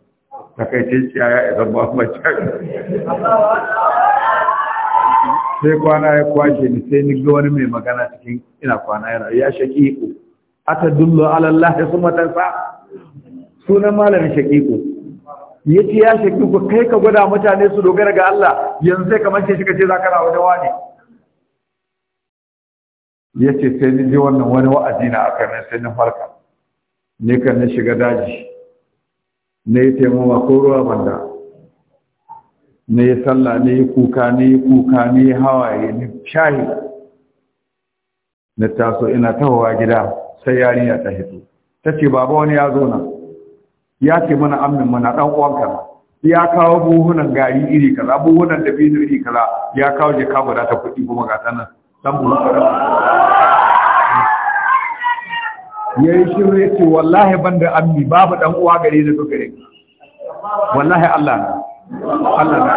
B: sai kwana ya kwashe ni sai ni ga wani mai magana cikin ina kwana yana ya shaqiqu atadullu ala Allah summa tansa sunan malamin Ya ce ya shaƙiƙo kai ka gwada mutane su dogara ga Allah yanzu sai kamar ce shi kace zaka rawa da wani ce sai ni ji wannan wani wa'azi na akan sai ni farka ne kan na shiga daji na yi taimama ko ruwa banda na yi sallah na yi kuka na yi kuka na yi hawaye na shahi na taso ina tahowa gida sai ya ta hito ta ce baba wani ya zo nan ya ce mana amin mana ɗan uwanka ya kawo buhunan gari iri kaza buhunan dabino iri kaza ya kawo jaka guda ta kuɗi kuma ga sanan dan buhun
D: ya yi shiru ya
B: ce wallahi ban da ammi babu ɗan uwa gare da duk gare wallahi Allah na Allah na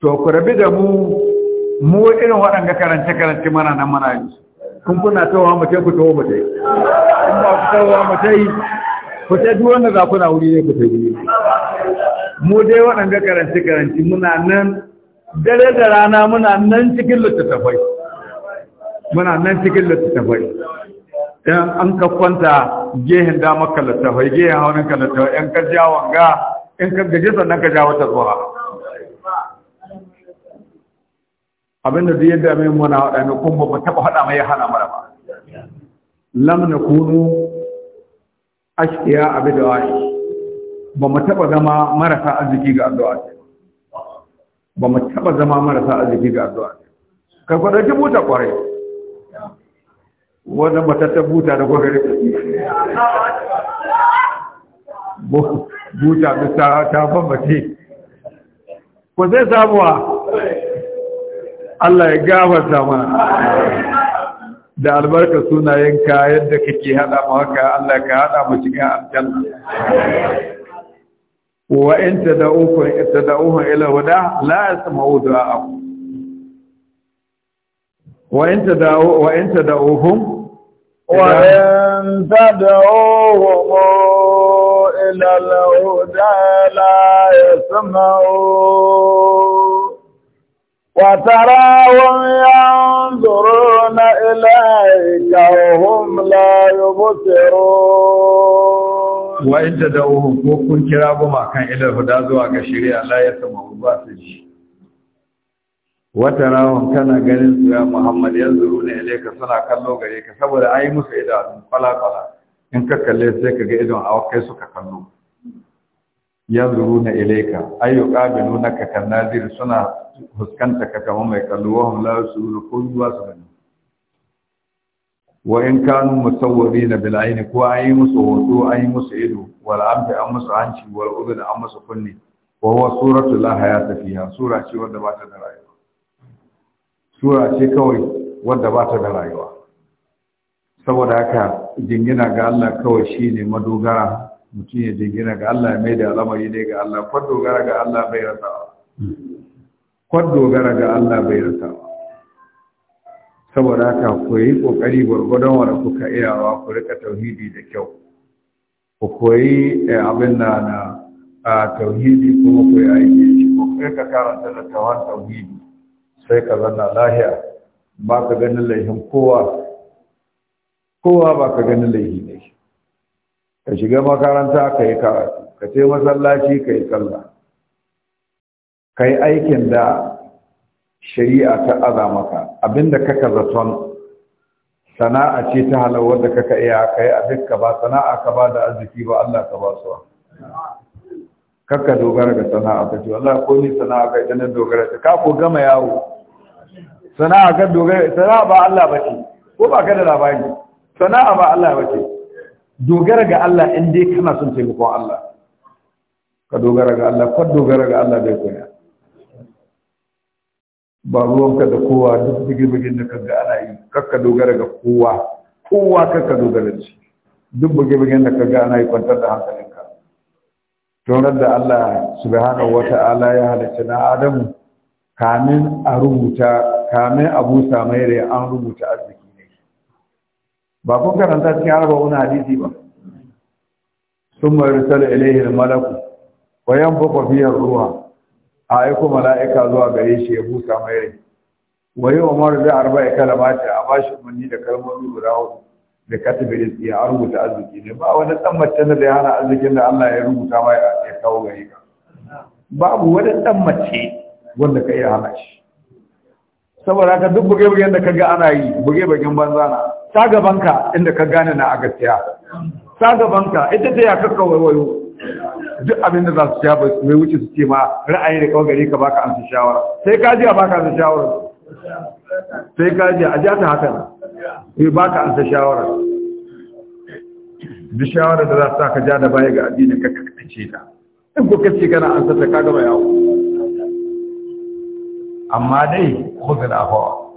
B: to ku rabi da mu mu irin waɗanda karance karance mana nan mana yi kun kuna tawa mace ku tawa mace in ba ku tawa mace ku ta duk wanda za ku na wuri ne ku ta wuri mu dai waɗanda karance karance muna nan dare da rana muna nan cikin littattafai muna nan cikin littattafai ɗan an ka kwanta gehen damar ka littattafai gehen haunin ka littattafai ‘yan ka ja wanga in ka gaji sannan ka ja wata zuwa abinda zai yadda mai muna haɗa ne kuma ba taɓa haɗa mai hana mara ba lam na kunu ashiya abin da wani ba mu taɓa zama marasa arziki ga addu'a ba mu taba zama marasa arziki ga addu'a ka kwada ki buta kwarai wannan ba ta buta da kuka
D: buta ta ta bambace
B: ko zai samuwa Allah ya gafarta mana da albarka sunayenka yadda kake hada mu Allah ka hada mu cikin aljanna wa in tad'ukum tad'uhum ila huda la yasma'u du'a'akum wa in tad'u wa in tad'uhum
C: wa in tad'uhum ila al-huda la yasma'u وتراهم wa inda da uhu ko kun kira
B: gumakan ilar huda zuwa ga shirya Allah ya sama ba su ji wata rawan kana ganin zuwa muhammad ya zuru ne ile ka suna kallo gare ka saboda a yi musu idanu kwala in ka kalle sai ka ga idon a kai suka kallo ya zuru ne ile ka ayyuka bi nuna ka kan nazir suna fuskanta ka kama mai kallo wa hum la yusuru ko wa in kanu musawwirina bil aini ko yi musu hoto an yi musu ido wal amfi an musu hanci wal udun an musu kunni wa huwa suratu la hayata fiha sura ce wadda ba ta da rayuwa sura ce kawai wadda ba ta da rayuwa saboda haka jingina ga Allah kawai shine madogara mutum ya jingina ga Allah ya mai da al'amari dai ga Allah dogara ga Allah bai rasawa kwadogara ga Allah bai rasawa saboda haka ku yi ƙoƙari gwargwadon wanda kuka iyawa ku rika tauhidi da kyau ku koyi eh, abin da na tauhidi kuma ku yi aiki shi ku rika karanta tawan tauhidi sai ka zanna lahiya ba ka ganin laihin kowa kowa ba ka ganin laihi ne ka shiga makaranta ka yi karatu ka ce masallaci ka yi sallah ka yi aikin da shari'a ta aza maka abinda kaka zaton sana'a ce ta halawar da kaka iya kai a dukka ba sana'a ka ba da arziki ba Allah ka ba su kakka dogara ga sana'a ka ce wallahi ko ni sana'a ka idan dogara ta ka ko gama yawo sana'a ka dogara sana'a ba Allah ba ce ko ba ka da labari sana'a ba Allah ba ce dogara ga Allah in dai kana son taimakon Allah ka dogara ga Allah ko dogara ga Allah bai koya ba ruwanka da kowa duk bugin da kanka ana yi kakka dogara ga kowa kowa kakka dogara da shi duk bugin da kanka ana yi kwantar da hankalinka tunar da Allah subhanahu ta'ala ya halicci na Adamu kamin a rubuta kamin a busa mai rai an rubuta arziki ne ba kun karanta cikin arba wani hadisi ba sun mai risala ilaihi malaku wayan bakwafiyar ruwa a aiko mala'ika zuwa gare shi ya busa mai rai wa yi umar bi kalama ta a bashi umarni da kalmomi guda hudu da katibi ya a rubuta arziki ne ba wani dan mace da ya hana arzikin da Allah ya rubuta mai ya kawo gare ka babu wani dan mace wanda ka iya hana shi saboda haka duk buge-bugen da kaga ana yi buge-bugen banza na ta gabanka inda ka gane na a gaskiya ta gabanka ita ta ya kakka wayo duk abin da za su su mai wuce su ce ma ra'ayi da kawai ka baka amsa shawara sai ka ji a baka amsa shawara
D: sai ka ji a ja ta haka na sai eh, baka amsa shawara
B: da shawara da za su ka ja da baya ga addinin ka kakace ta in ko kace kana amsa ta ka gaba yawo amma dai gana hawa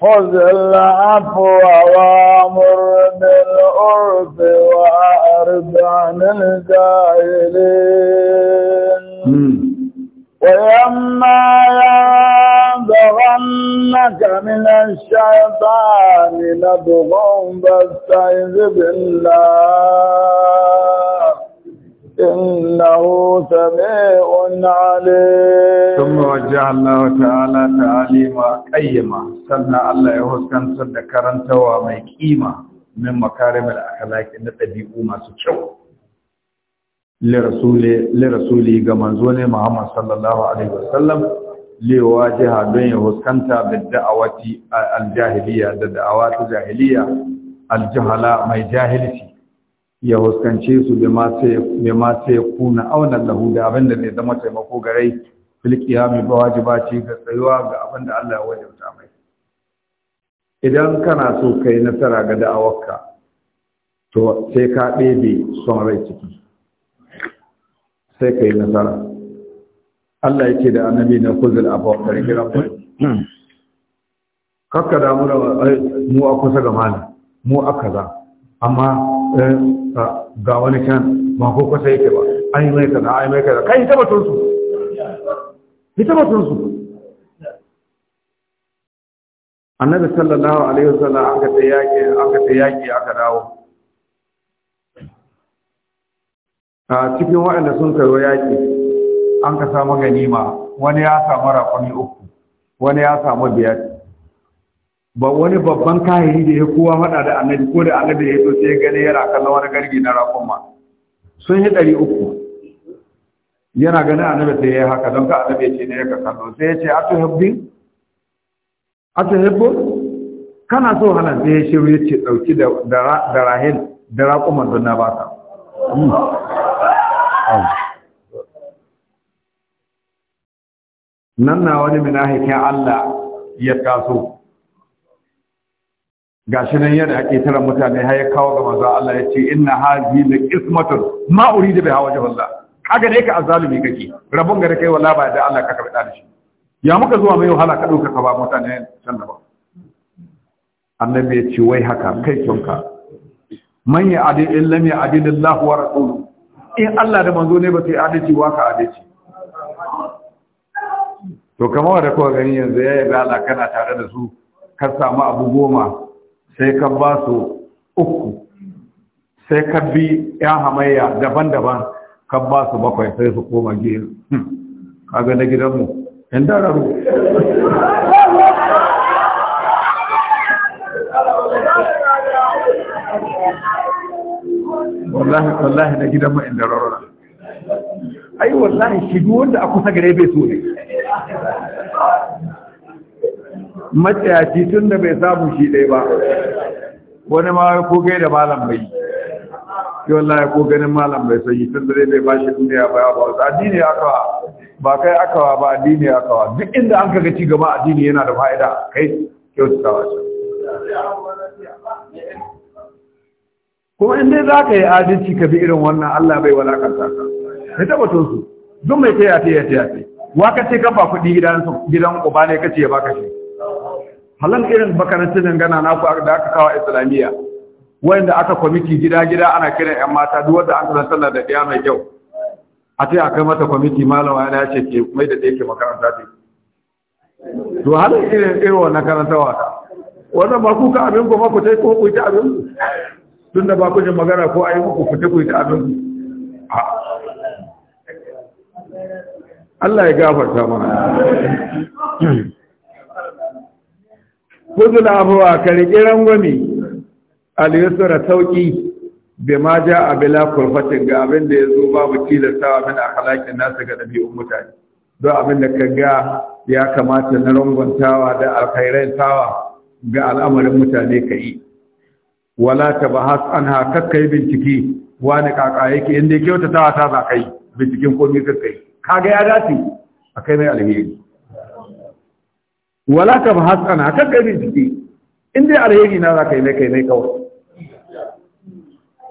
C: خذ العفو وامر بالعرف واعرض عن الجاهلين ويما ينبغنك من الشيطان نبغ فاستعذ بالله إنه سميع عليم ثم
B: وجه الله تعالى تعليما قيما سنة الله يهوسكن سنة كرنتا وميكيما من مكارم الأخلاق إن تبيئوا ما سكوا لرسوله لرسوله كمنزول محمد صلى الله عليه وسلم لواجه دون يهوسكن بالدعوة الجاهلية الدعوات الجاهلية الجهلاء ما جاهلتي ya huskance su bi ma sai kuna auna lahu da abin da zai zama taimako ga rai fil qiyami ba wajibaci ga tsayuwa ga abin da Allah ya wajabta mai idan kana so kai nasara ga da'awarka to sai ka ɗebe son rai ciki sai kai nasara Allah yake da annabi na kuzul abokar kiran kakka damu da eh, mu a kusa ga malam mu a kaza amma eh, ga wani can ba ko kwasa yake ba yi mai kaza yi mai kaza kai yi batun su ita batun su annabi sallallahu alaihi wasallam aka ta yaki aka ta yaki aka dawo a cikin waɗanda sun karo yaki an ka samu ganima wani ya samu raƙumi uku wani ya samu biyar ba wani babban kahiri da ya kowa faɗa da annabi ko da annabi ya so sai ya gane yana kallon wani gargi na raƙon sun yi ɗari uku yana ganin annabi sai ya yi haka don ka annabi ya ce ne yaka ka kallo sai ya ce a tuhibbin a kana so hana sai ya shiru ya ce ɗauki da rahil da raƙuman don na ba ta hmm. nan na wani minahikin Allah ya taso gashi nan yana tara mutane har ya kawo ga manzo Allah ya ce inna hazi la qismatun ma uridu biha wajh Allah kaga dai ka azalumi kake rabon gare kai wallahi ba da Allah ka karɓa da shi ya muka zuwa mai wahala ka dauka ka ba mutane can da ba annabi ya ce wai haka kai kyonka man ya adil illam ya adi Allah wa rasul in Allah da manzo ne ba sai adalci wa ka adalci to kamar da kowa gani yanzu ya yi Allah kana tare da su ka samu abu goma sai ka ba su uku sai ka bi ya hamayya daban-daban ka ba su bakwai sai su koma gini hmm. kaga na gidanmu yan dararu
D: wallahi wallahi na gidanmu yan dararu
B: Ayi, wallahi shi wanda a kusa gare bai so ne matsayaci tun da bai samu shi ɗaya ba wani ma ko gai da malam bai yi ya ko ganin malam bai son yi tun da bai bashi duniya ba ba wasu addini akawa ba kai akawa ba addini akawa duk inda an kaga ci gaba addini yana da fa'ida kai kyautatawa ce kuma inda za ka yi adalci ka bi irin wannan Allah bai walakanta ka ka tabbatar su don mai taya taya taya wa ka ce kafa kuɗi gidan uba ne ce ya baka shi halan irin makarantun gana ku da aka kawo islamiyya wanda aka kwamiti gida-gida ana kira 'yan mata duk wanda an tana sallar da ɗaya mai kyau a ta akai mata kwamiti malama yana ce ke mai da ɗaya ke makaranta ce to har irin irin wannan karanta wata wannan ba ku ka abin ku ba ku tai ko ku ta abin ku
D: tun da ba ku jin magana ko ayi ku ku ta ku ta abin ku Allah ya gafarta mana kudu lafuwa
B: ka rangwami al-yusra sauƙi bai ma ja a bila kurfatin ga abin da ya zo babu tilastawa min halakin nasa ga ɗabi'un mutane don abin da ka ga ya kamata na rangwantawa da alkhairantawa ga al'amarin mutane ka yi wala ta bahas anha kakka yi bincike wani kaka yake inda kyautatawa ta za ka yi binciken kakka yi kaga ya dace a kai mai alheri wala ka bahas kan kai bincike in dai alheri na za ka yi mai kai mai kawai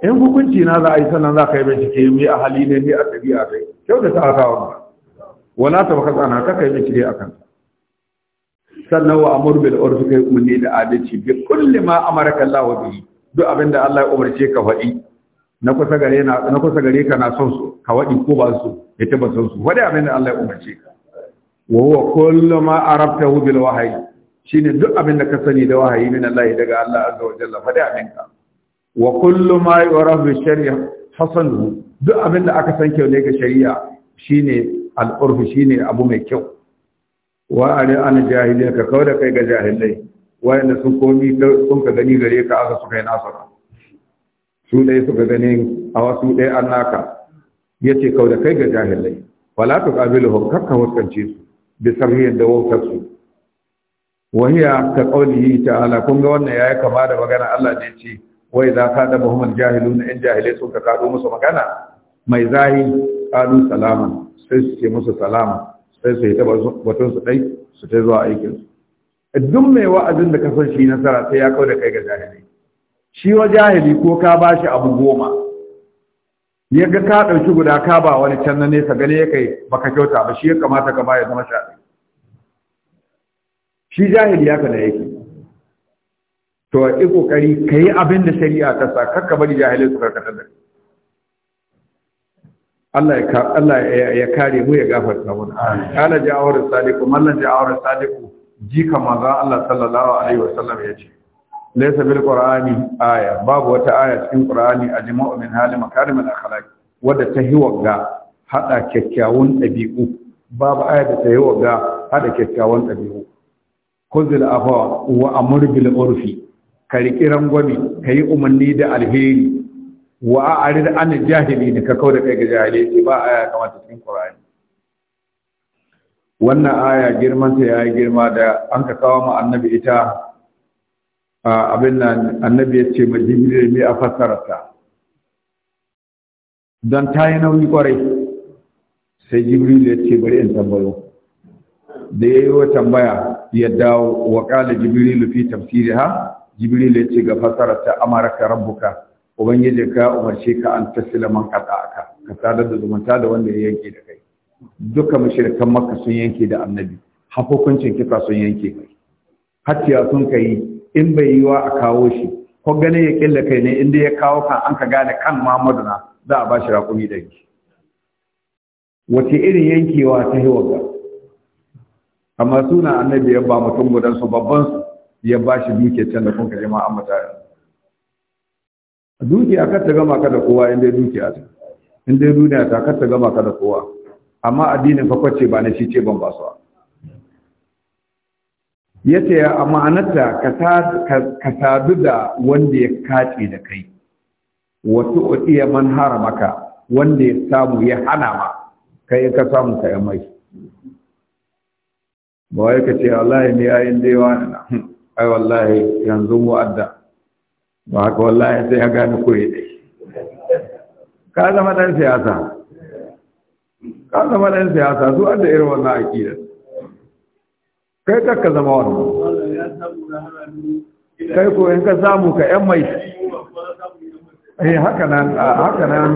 B: in hukunci na za a yi sannan za ka yi bincike mai a hali ne mai a ɗabi'a kai kyau da ta haka wannan wala ta baka tsana kan kai bincike a kan sannan wa amur bil ordu kai umarni da adalci bi kulli ma amaraka Allah wa bihi duk da Allah ya umarce ka faɗi na kusa gare na na kusa gare ka na son su ka waɗi ko ba su ya taba son su faɗi da Allah ya umarce ka wa huwa kullu ma arabtahu bil wahyi shine duk abin da ka sani da wahayi min Allah daga Allah azza wa jalla fadi abin ka wa kullu ma yurafu bi shari'a hasanu duk abin da aka san kyau ne ga shari'a shine al-urf shine abu mai kyau wa ari an jahiliya ka kawai da kai ga jahilai wayanda sun komi sun ka gani gare ka aka suka yi nasara su dai suka gani a wasu dai an naka yace kawai da kai ga jahilai wala tuqabiluhum kakka waskance su bi da wautarsu wahiya yi ta ta'ala kun ga wannan ya yi kama da magana Allah ne da yace za ka da muhammad jahilun yan jahilai ka kado musu magana mai zahi ƙalu salama sai su ce musu salama sai su yi ta batun su ɗai su ta zuwa aikin duk mai wa'azin da ka shi nasara sai ya kawo da kai ga jahilai shi wa jahili ko ka bashi abu goma ya ga ka ɗauki guda ka ba wani can na nesa gani ya kai baka kyauta ba shi ya kamata ka ba ya zama shaɗi shi jahili ya kana yake to ƙi ƙoƙari ka yi abin da shari'a ta sa kakka bari jahilai su karkata da Allah ya Allah ya kare mu ya gafarta mu kana ja'awar sadiqu mallan ja'awar sadiqu jika manzo Allah sallallahu alaihi wasallam ya ce laysa bil qur'ani aya babu wata aya cikin qur'ani ajma'u min hali makarim al akhlaq wadda ta hiwaga hada kyakkyawan dabi'u babu aya da ta hada kyakkyawan dabi'u khuzil afwa wa amur bil urfi ka riƙi rangwami ka yi umarni da alheri wa a arid jahili da ka kauda kai ga jahili ba aya kamata cikin qur'ani wannan aya girman ta yayi girma da an ka kawo ma annabi ita abin nan annabi ya ce majibir ne a fassararta don ta yi nauyi kwarai sai jibril ya ce bari in tambayo da ya yi wa tambaya ya dawo wa ƙala jibril fi tafsiri ha jibril ya ce ga fassararta amaraka rabbuka ubangiji ka umarce ka an tasila man ƙasa, aka ka sadar da zumunta da wanda ya yanke da kai duka mashirikan maka sun yanke da annabi hakokuncin kisa sun yanke kai hatiya sun kai in bai yi wa a kawo shi ko ganin ya ƙilla kai ne inda ya kawo kan an ka gane kan Muhammadu na za a bashi raƙumi da shi wace irin yankewa ta hiwaga amma suna annabi ya ba mutum gudan su babban su ya ba shi duke can da kun ka jama'a mata dukiya kar ta gama ka da kowa in dai ta duniya ta kar ta gama ka da kowa amma addinin fakwace ba na shi ce ban basuwa ya ce a ma'anarta ka sadu da wanda ya kace da kai wasu otiya man haramaka wanda ya samu ya hana ma kai ka samu ka mai ba wai ka ce wallahi ne yayin da yawa na hmm, ai wallahi yanzu mu adda ba haka wallahi sai ya gane koyi dai ka zama ɗan siyasa
D: ka zama ɗan siyasa su adda irin wannan akidar
B: kai ka zama
D: wannan kai ko in ka samu ka yan mai eh haka nan haka nan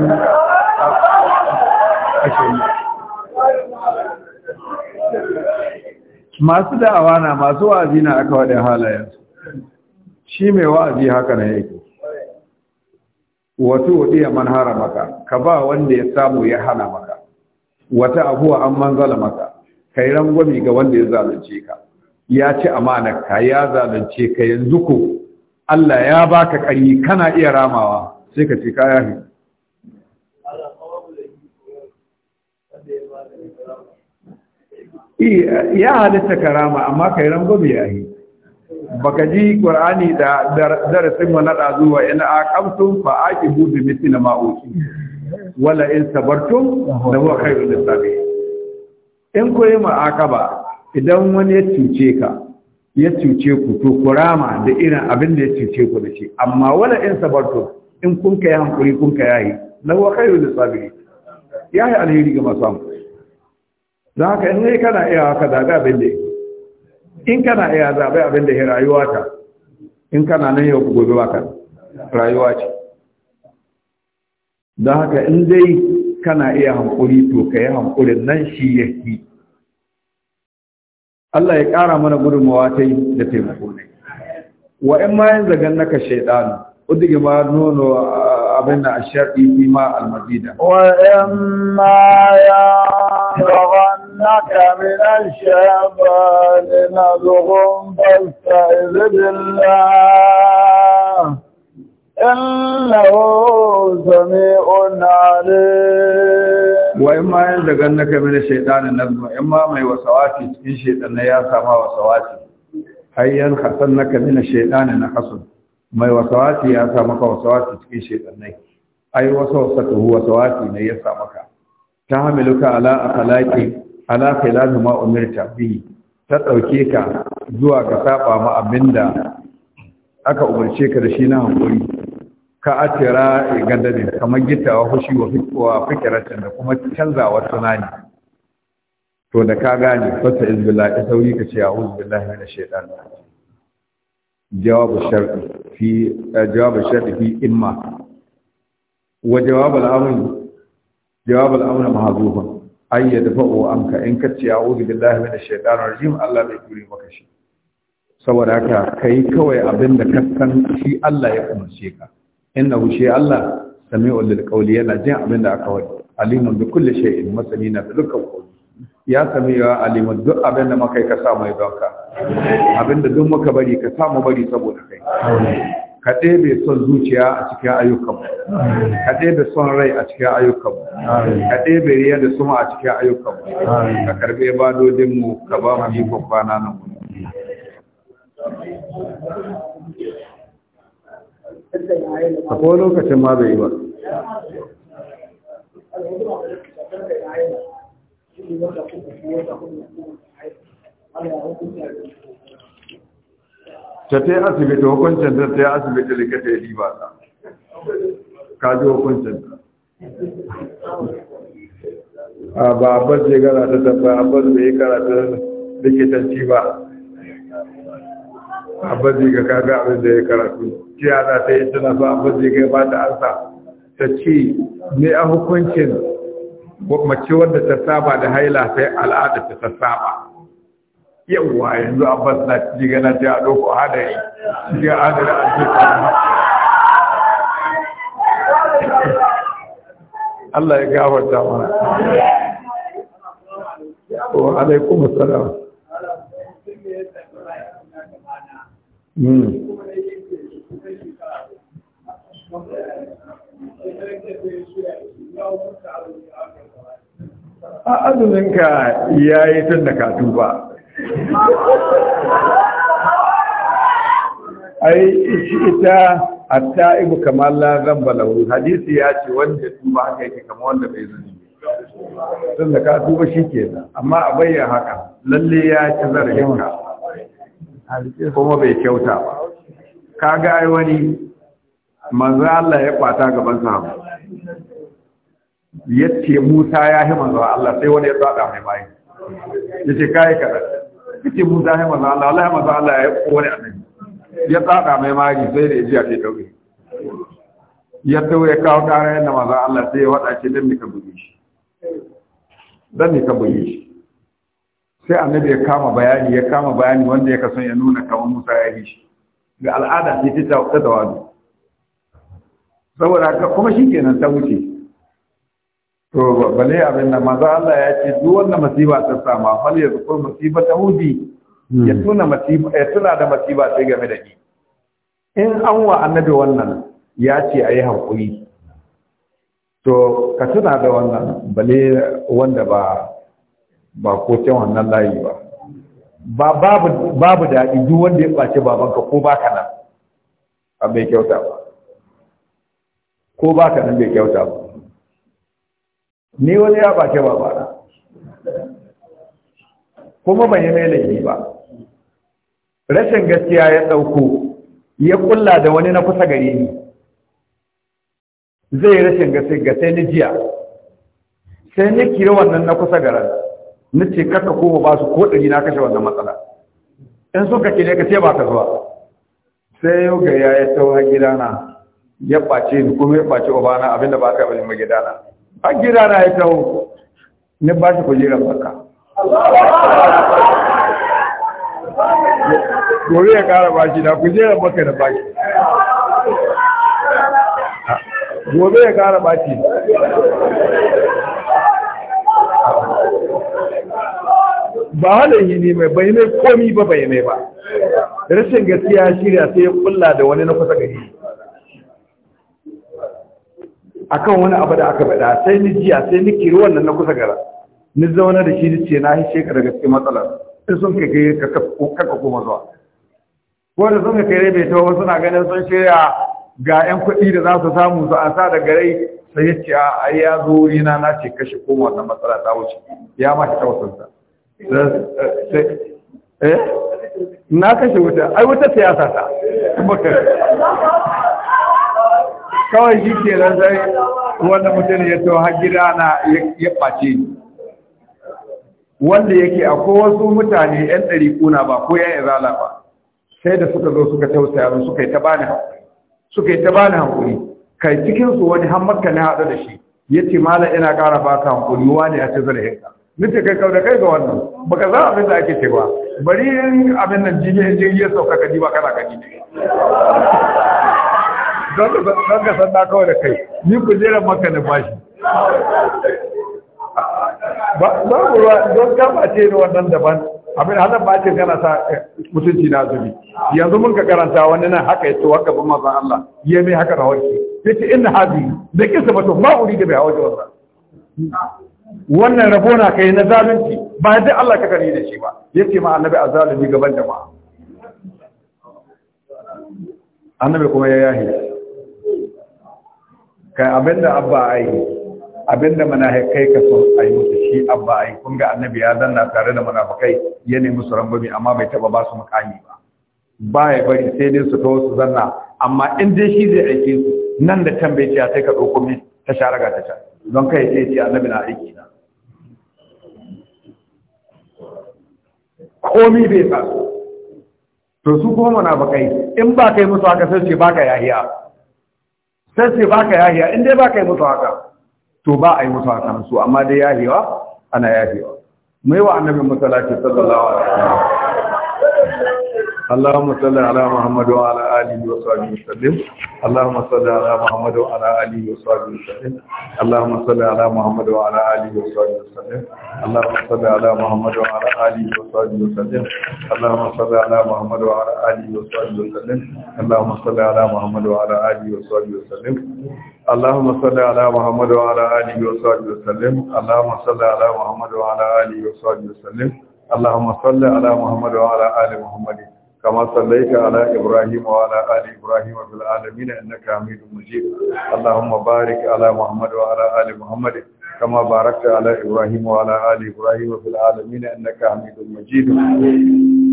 B: masu da'awa na masu wa'azi na aka waɗin halayen. shi mai wa'azi haka na yake wato ɗiya ya manhara maka ka ba wanda ya samu ya hana maka wata abuwa an manzala maka kai rangwami ga wanda ya zalunce ka ya ci ka ya zalunce ka yanzu ko Allah ya baka ƙari kana iya ramawa sai ka ce kaya ne ya halitta rama amma kai rangwami ya yi
D: baka ji ƙwar'ani da
B: darasin wa naɗa zuwa in ba a aqibu buɗe mithli na uti wala in sabartum wa kai khairul sabi in ku yi ma'akaba idan wani ya cuce ka ya cuce ku to ku rama da irin abin da ya cuce ku da shi amma wani in sabarto in kun ka yi hankuri kun ka yayi da khairu ya yi alheri ga masu hankuri don haka in ne kana iya haka zaɓe abin da in kana iya zaɓe abin da ya rayuwa ta in kana nan yau gobe ba ka rayuwa ce don haka in dai kana iya hankuri to ka yi hankurin nan shi ya yake Allah ya ƙara mana gudunmawa ta yi da taimako ne wa in ma yin zagan naka shaidanu udige ma nono ah, abin da asharɗi fi ma almadida
C: wa in ma ya zagan naka min ashaitani nazghun fasta'iz billah innahu sami'un 'alim wa imma yanda
B: ganna kai mene shaytanin nazma imma mai wasawati cikin shaytanin ya sama wasawati hayyan hasan naka mene shaytanin hasan mai wasawati ya sama ka wasawati cikin shaytanin ai wasa wasa ta huwa wasawati ne ya sama ka ta hamiluka ala akhlaqi ala khilafi ma umirta bihi ta dauke ka zuwa ka saba ma abinda aka umarce ka da shi na hankali ka atira e gandane kamar gita gittawa fushi wa fitowa fikiratin da kuma wa tunani to da ka gane fasa izbila, ya sauri ka ce a billahi minash ya rajim jawabu shar'i fi eh, jawabu shar'i fi imma wa jawabu al-amr jawabu al-amr mahzufun ay yadfa'u anka in ka ce a'udhu ya minash shaitanir rajim Allah bai turi maka shi saboda haka kai kawai abin da ka san shi Allah ya umarce ka inna shi Allah sami lil qawli yana jin abin da aka wadi alimun bi kulli shay'in masani na dukkan qawli ya sami ya alimun duk abin da makai ka sa mai donka abin da duk muka bari ka sa bari saboda kai ka ɗebe son zuciya a cikin ayyukanmu ka ɗebe son rai a cikin ayyukanmu ka ɗebe riya da suma a cikin ayyukanmu ka karɓe mu ka ba mu ikon kwana nan A ko lokacin ma bai yi ba ta ta yi asibiti hukuncin ta ta yi asibiti likita ya riba ta ka ji hukuncin ta a ba abbas ya karata ta ba abbas bai yi karata likitanci ba abbas ya kaga abin da ya karatu jiya za ta yi tana ba ba zai ga ba da ansa ta ce ne a hukuncin mace wanda ta saba da haila sai al'ada ta ta saba yawwa yanzu abbas na ci gana ta a ɗauko hadari ga hadari a cikin
D: Allah ya gafarta mana. ko alaikum assalam. Hmm. a azuminka ya
B: yi tun da a yi shi ita a ta ibu kamar la zamba hadisi ya ce wanda ya tuba haka yake kama wanda bai zuni tun da ka tuba shi ke amma a bayyana haka lalle ya ci zarafinka
D: kuma bai kyauta
B: ba ka ga wani manzo Allah ya kwata gaban sahabu yace Musa ya yi manzo Allah sai wani ya tsada mai bayi yace kai kada yace Musa ya yi manzo Allah Allah ya manzo Allah ya kore annabi ya tsada mai mari sai da ji a kai dauke ya tawo ya kawo kara yadda manzo Allah sai ya wada shi dan ka buge shi dan ka buge shi sai annabi ya kama bayani ya kama bayani wanda ya kasan ya nuna kawan Musa ya yi shi ga al'ada ce ta tawadu saboda kuma shi kenan ta wuce to bale abin da maza Allah ya ce duk wanda masiba ta sama fal ya zukur masiba ta hudi hmm. ya tuna masiba ya tuna da masiba sai game da ni in an wa annabi wannan ya ce ayi hankuri to ka tuna da wannan bale wanda ba ba ko can wannan layi ba ba babu babu daɗi duk wanda ya ɓace babanka ko baka nan bai kyauta ba ko baka nan bai kyauta ba ni wani ya bace ba kuma ban yi mai laifi ba rashin gaskiya ya ɗauko ya ƙulla da wani na kusa gare ni zai rashin gaskiya sai ni jiya sai ni kira wannan na kusa garan ni ce kaka ko ba su ko ɗari na kashe wannan matsala in suka kire ka ce ba ka zuwa sai yau ga ya yi gidana ya ɓace ni kuma ya ɓace ubana abinda ba ka yi magidana a gida na ya taho ni ba shi kujerar baka
D: gobe ya kara bashi na kujerar baka da baki. gobe ya kara bashi ba hada yi ne mai bai mai komi
B: ba bai mai ba rashin gaskiya shirya sai ya kulla da wani na kusa gari akan wani abu da aka bada sai ni jiya sai ni kiri wannan na kusa gara ni zauna da shi ni ce na hishe ka daga cikin matsalar in sun kai kai ka ka koma zuwa da sun kai rai mai tawo suna ganin sun shirya ga yan kuɗi da za su samu su a sa da gare sai ya ce a ya zo wurina na ce kashe koma wannan matsala ta wuce ya ma ta wasansa eh na kashe wuta ai wuta siyasa ta
D: kawai shi ke nan zai wanda mutum ya to har gida na
B: ya ɓace wanda yake ko wasu mutane yan ɗari kuna ba ko yan izala ba sai da suka zo suka tausaya mu suka yi ta bani suka yi ta bani hankuri kai cikin su wani har makka na haɗu da shi yace malam ina ƙara baka hankuri wani cikin ce zalahinka nita kai da kai ga wannan baka za abin da ake ce ba bari abin nan jini ya sauka ji ba kana ji don ka san kawai da kai ni kujerar maka na bashi ba ku ruwa don gaba ce ne wannan daban abin hannun ba ce kana sa eh, mutunci na zubi yanzu mun ka karanta wani nan haka yato haka bin mazan Allah ya mai haka rawarki ya ce ina hazi da kisa ba to wuri da bai hawa wasa. wannan rabo na kai na zalunci ba yadda Allah ka gani da shi ba ce ma annabi zalunci gaban jama'a annabi kuma ya yahi kai abinda abba a yi abinda kai ka son a yi musu shi abba a yi kun ga annabi ya zanna tare da munafikai ya nemi su rangwame amma bai taba ba su mukami ba ba ya bari sai dai su to su zanna amma in dai shi zai aike su nan da can bai ce sai ka ɗauko min ta sharaga ta can don kai sai ce annabi na aiki na komi bai sa to su kuma munafikai in ba kai musu haka sai ce baka yahiya sai sai baka yahiya in dai baka yi mutu haka to ba a yi musu haka su amma dai yahiwa ana yahiwa mai wa annabin masallaci sallallahu alaihi wasallam اللهم صل على محمد وعلى اله وصحبه وسلم اللهم صل على محمد وعلى اله وصحبه وسلم اللهم صل على محمد وعلى اله وصحبه وسلم اللهم صل على محمد وعلى اله وصحبه وسلم اللهم صل على
A: محمد وعلى اله وصحبه وسلم اللهم صل على محمد وعلى اله وصحبه وسلم
B: اللهم صل على محمد وعلى اله وصحبه وسلم اللهم صل على محمد وعلى اله وصحبه وسلم اللهم صل على محمد وعلى ال محمد كما صليت على إبراهيم وعلى آل إبراهيم في العالمين إنك حميد مجيد اللهم بارك على محمد وعلى آل محمد Kama باركت على إبراهيم وعلى آل إبراهيم في العالمين إنك حميد مجيد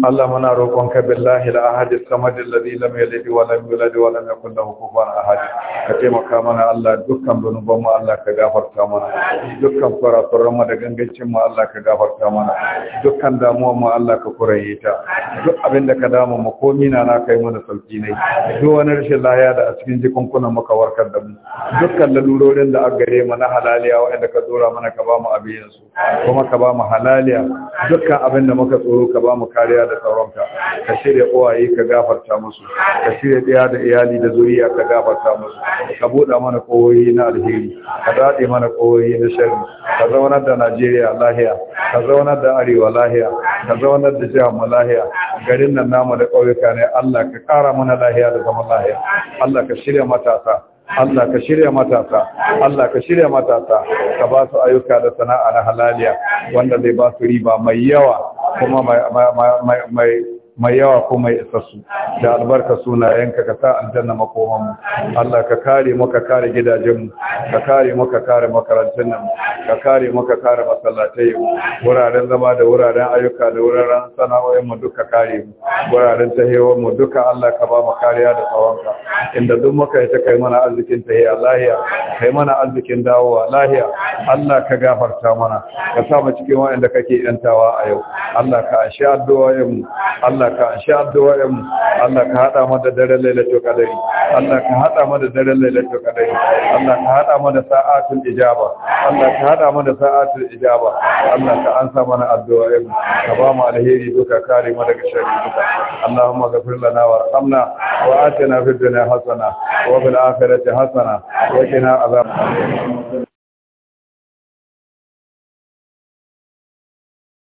B: اللهم انا نروقك بالله الأحد الصمد الذي لم يلد ولم يولد ولم يكن له كفوا أحد كتمك منا الله دكان بنبما الله كغفرت منا دكان فرا فرما da gangancin mu Allah ka gafarta mana dukkan damuwar mu Allah ka kuraye ta duk abin ka damu mu komi na na kai mana sauki ne duk wani rashin lahiya da a cikin jikunkunan muka warkar da mu dukkan lalurorin da aka gare mu na halaliya wa'anda ka dora mana ka ba mu abin su kuma ka ba mu halaliya dukkan abin da muka tsoro ka ba mu kariya da tsaronka ka shirya uwaye ka gafarta musu ka shirya ɗaya da iyali da zuriya ka gafarta musu ka buɗa mana kohoyi na alheri ka daɗe mana kohoyi na sharri ka zaunar da Najeriya lahiya ka zaunar da Arewa lahiya ka zaunar da jihar mu lahiya garin nan namu da ƙauyuka ne Allah ka ƙara mana lahiya da zama lahiya Allah ka shirya matasa Allah ka shirya matasa Allah ka shirya matasa ka ba su ayyuka da sana'a na halaliya wanda zai ba su riba mai yawa kuma mai mai yawa ko mai isassu da albarka suna yanka. ka sa aljanna makoman mu Allah ka kare mu ka kare gidajen mu ka kare mu ka kare makarantun nan! ka kare mu ka kare masallatai mu wuraren zama da wuraren ayyuka da wuraren sana'o'in mu duka kare mu wuraren tahewar mu duka Allah ka ba mu kariya da tsawonka inda duk muka yi ta kai mana arzikin tahiya lahiya kai mana arzikin dawowa lahiya Allah ka gafarta mana ka sa mu cikin wa'anda kake yantawa a yau Allah ka ashe addu'o'in mu Allah Allah ka anshi addu'o'in mu Allah ka hada mu da daren lailatul qadari Allah ka hada mu da daren lailatul qadari Allah ka hada mu da sa'atul ijaba Allah ka hada mu da sa'atul ijaba Allah ka ansa mana addu'o'in mu ka ba mu alheri duka kare mu daga sharri duka Allahumma ghfir lana warhamna wa atina fid dunya hasana wa fil akhirati hasana
D: wa qina adhaban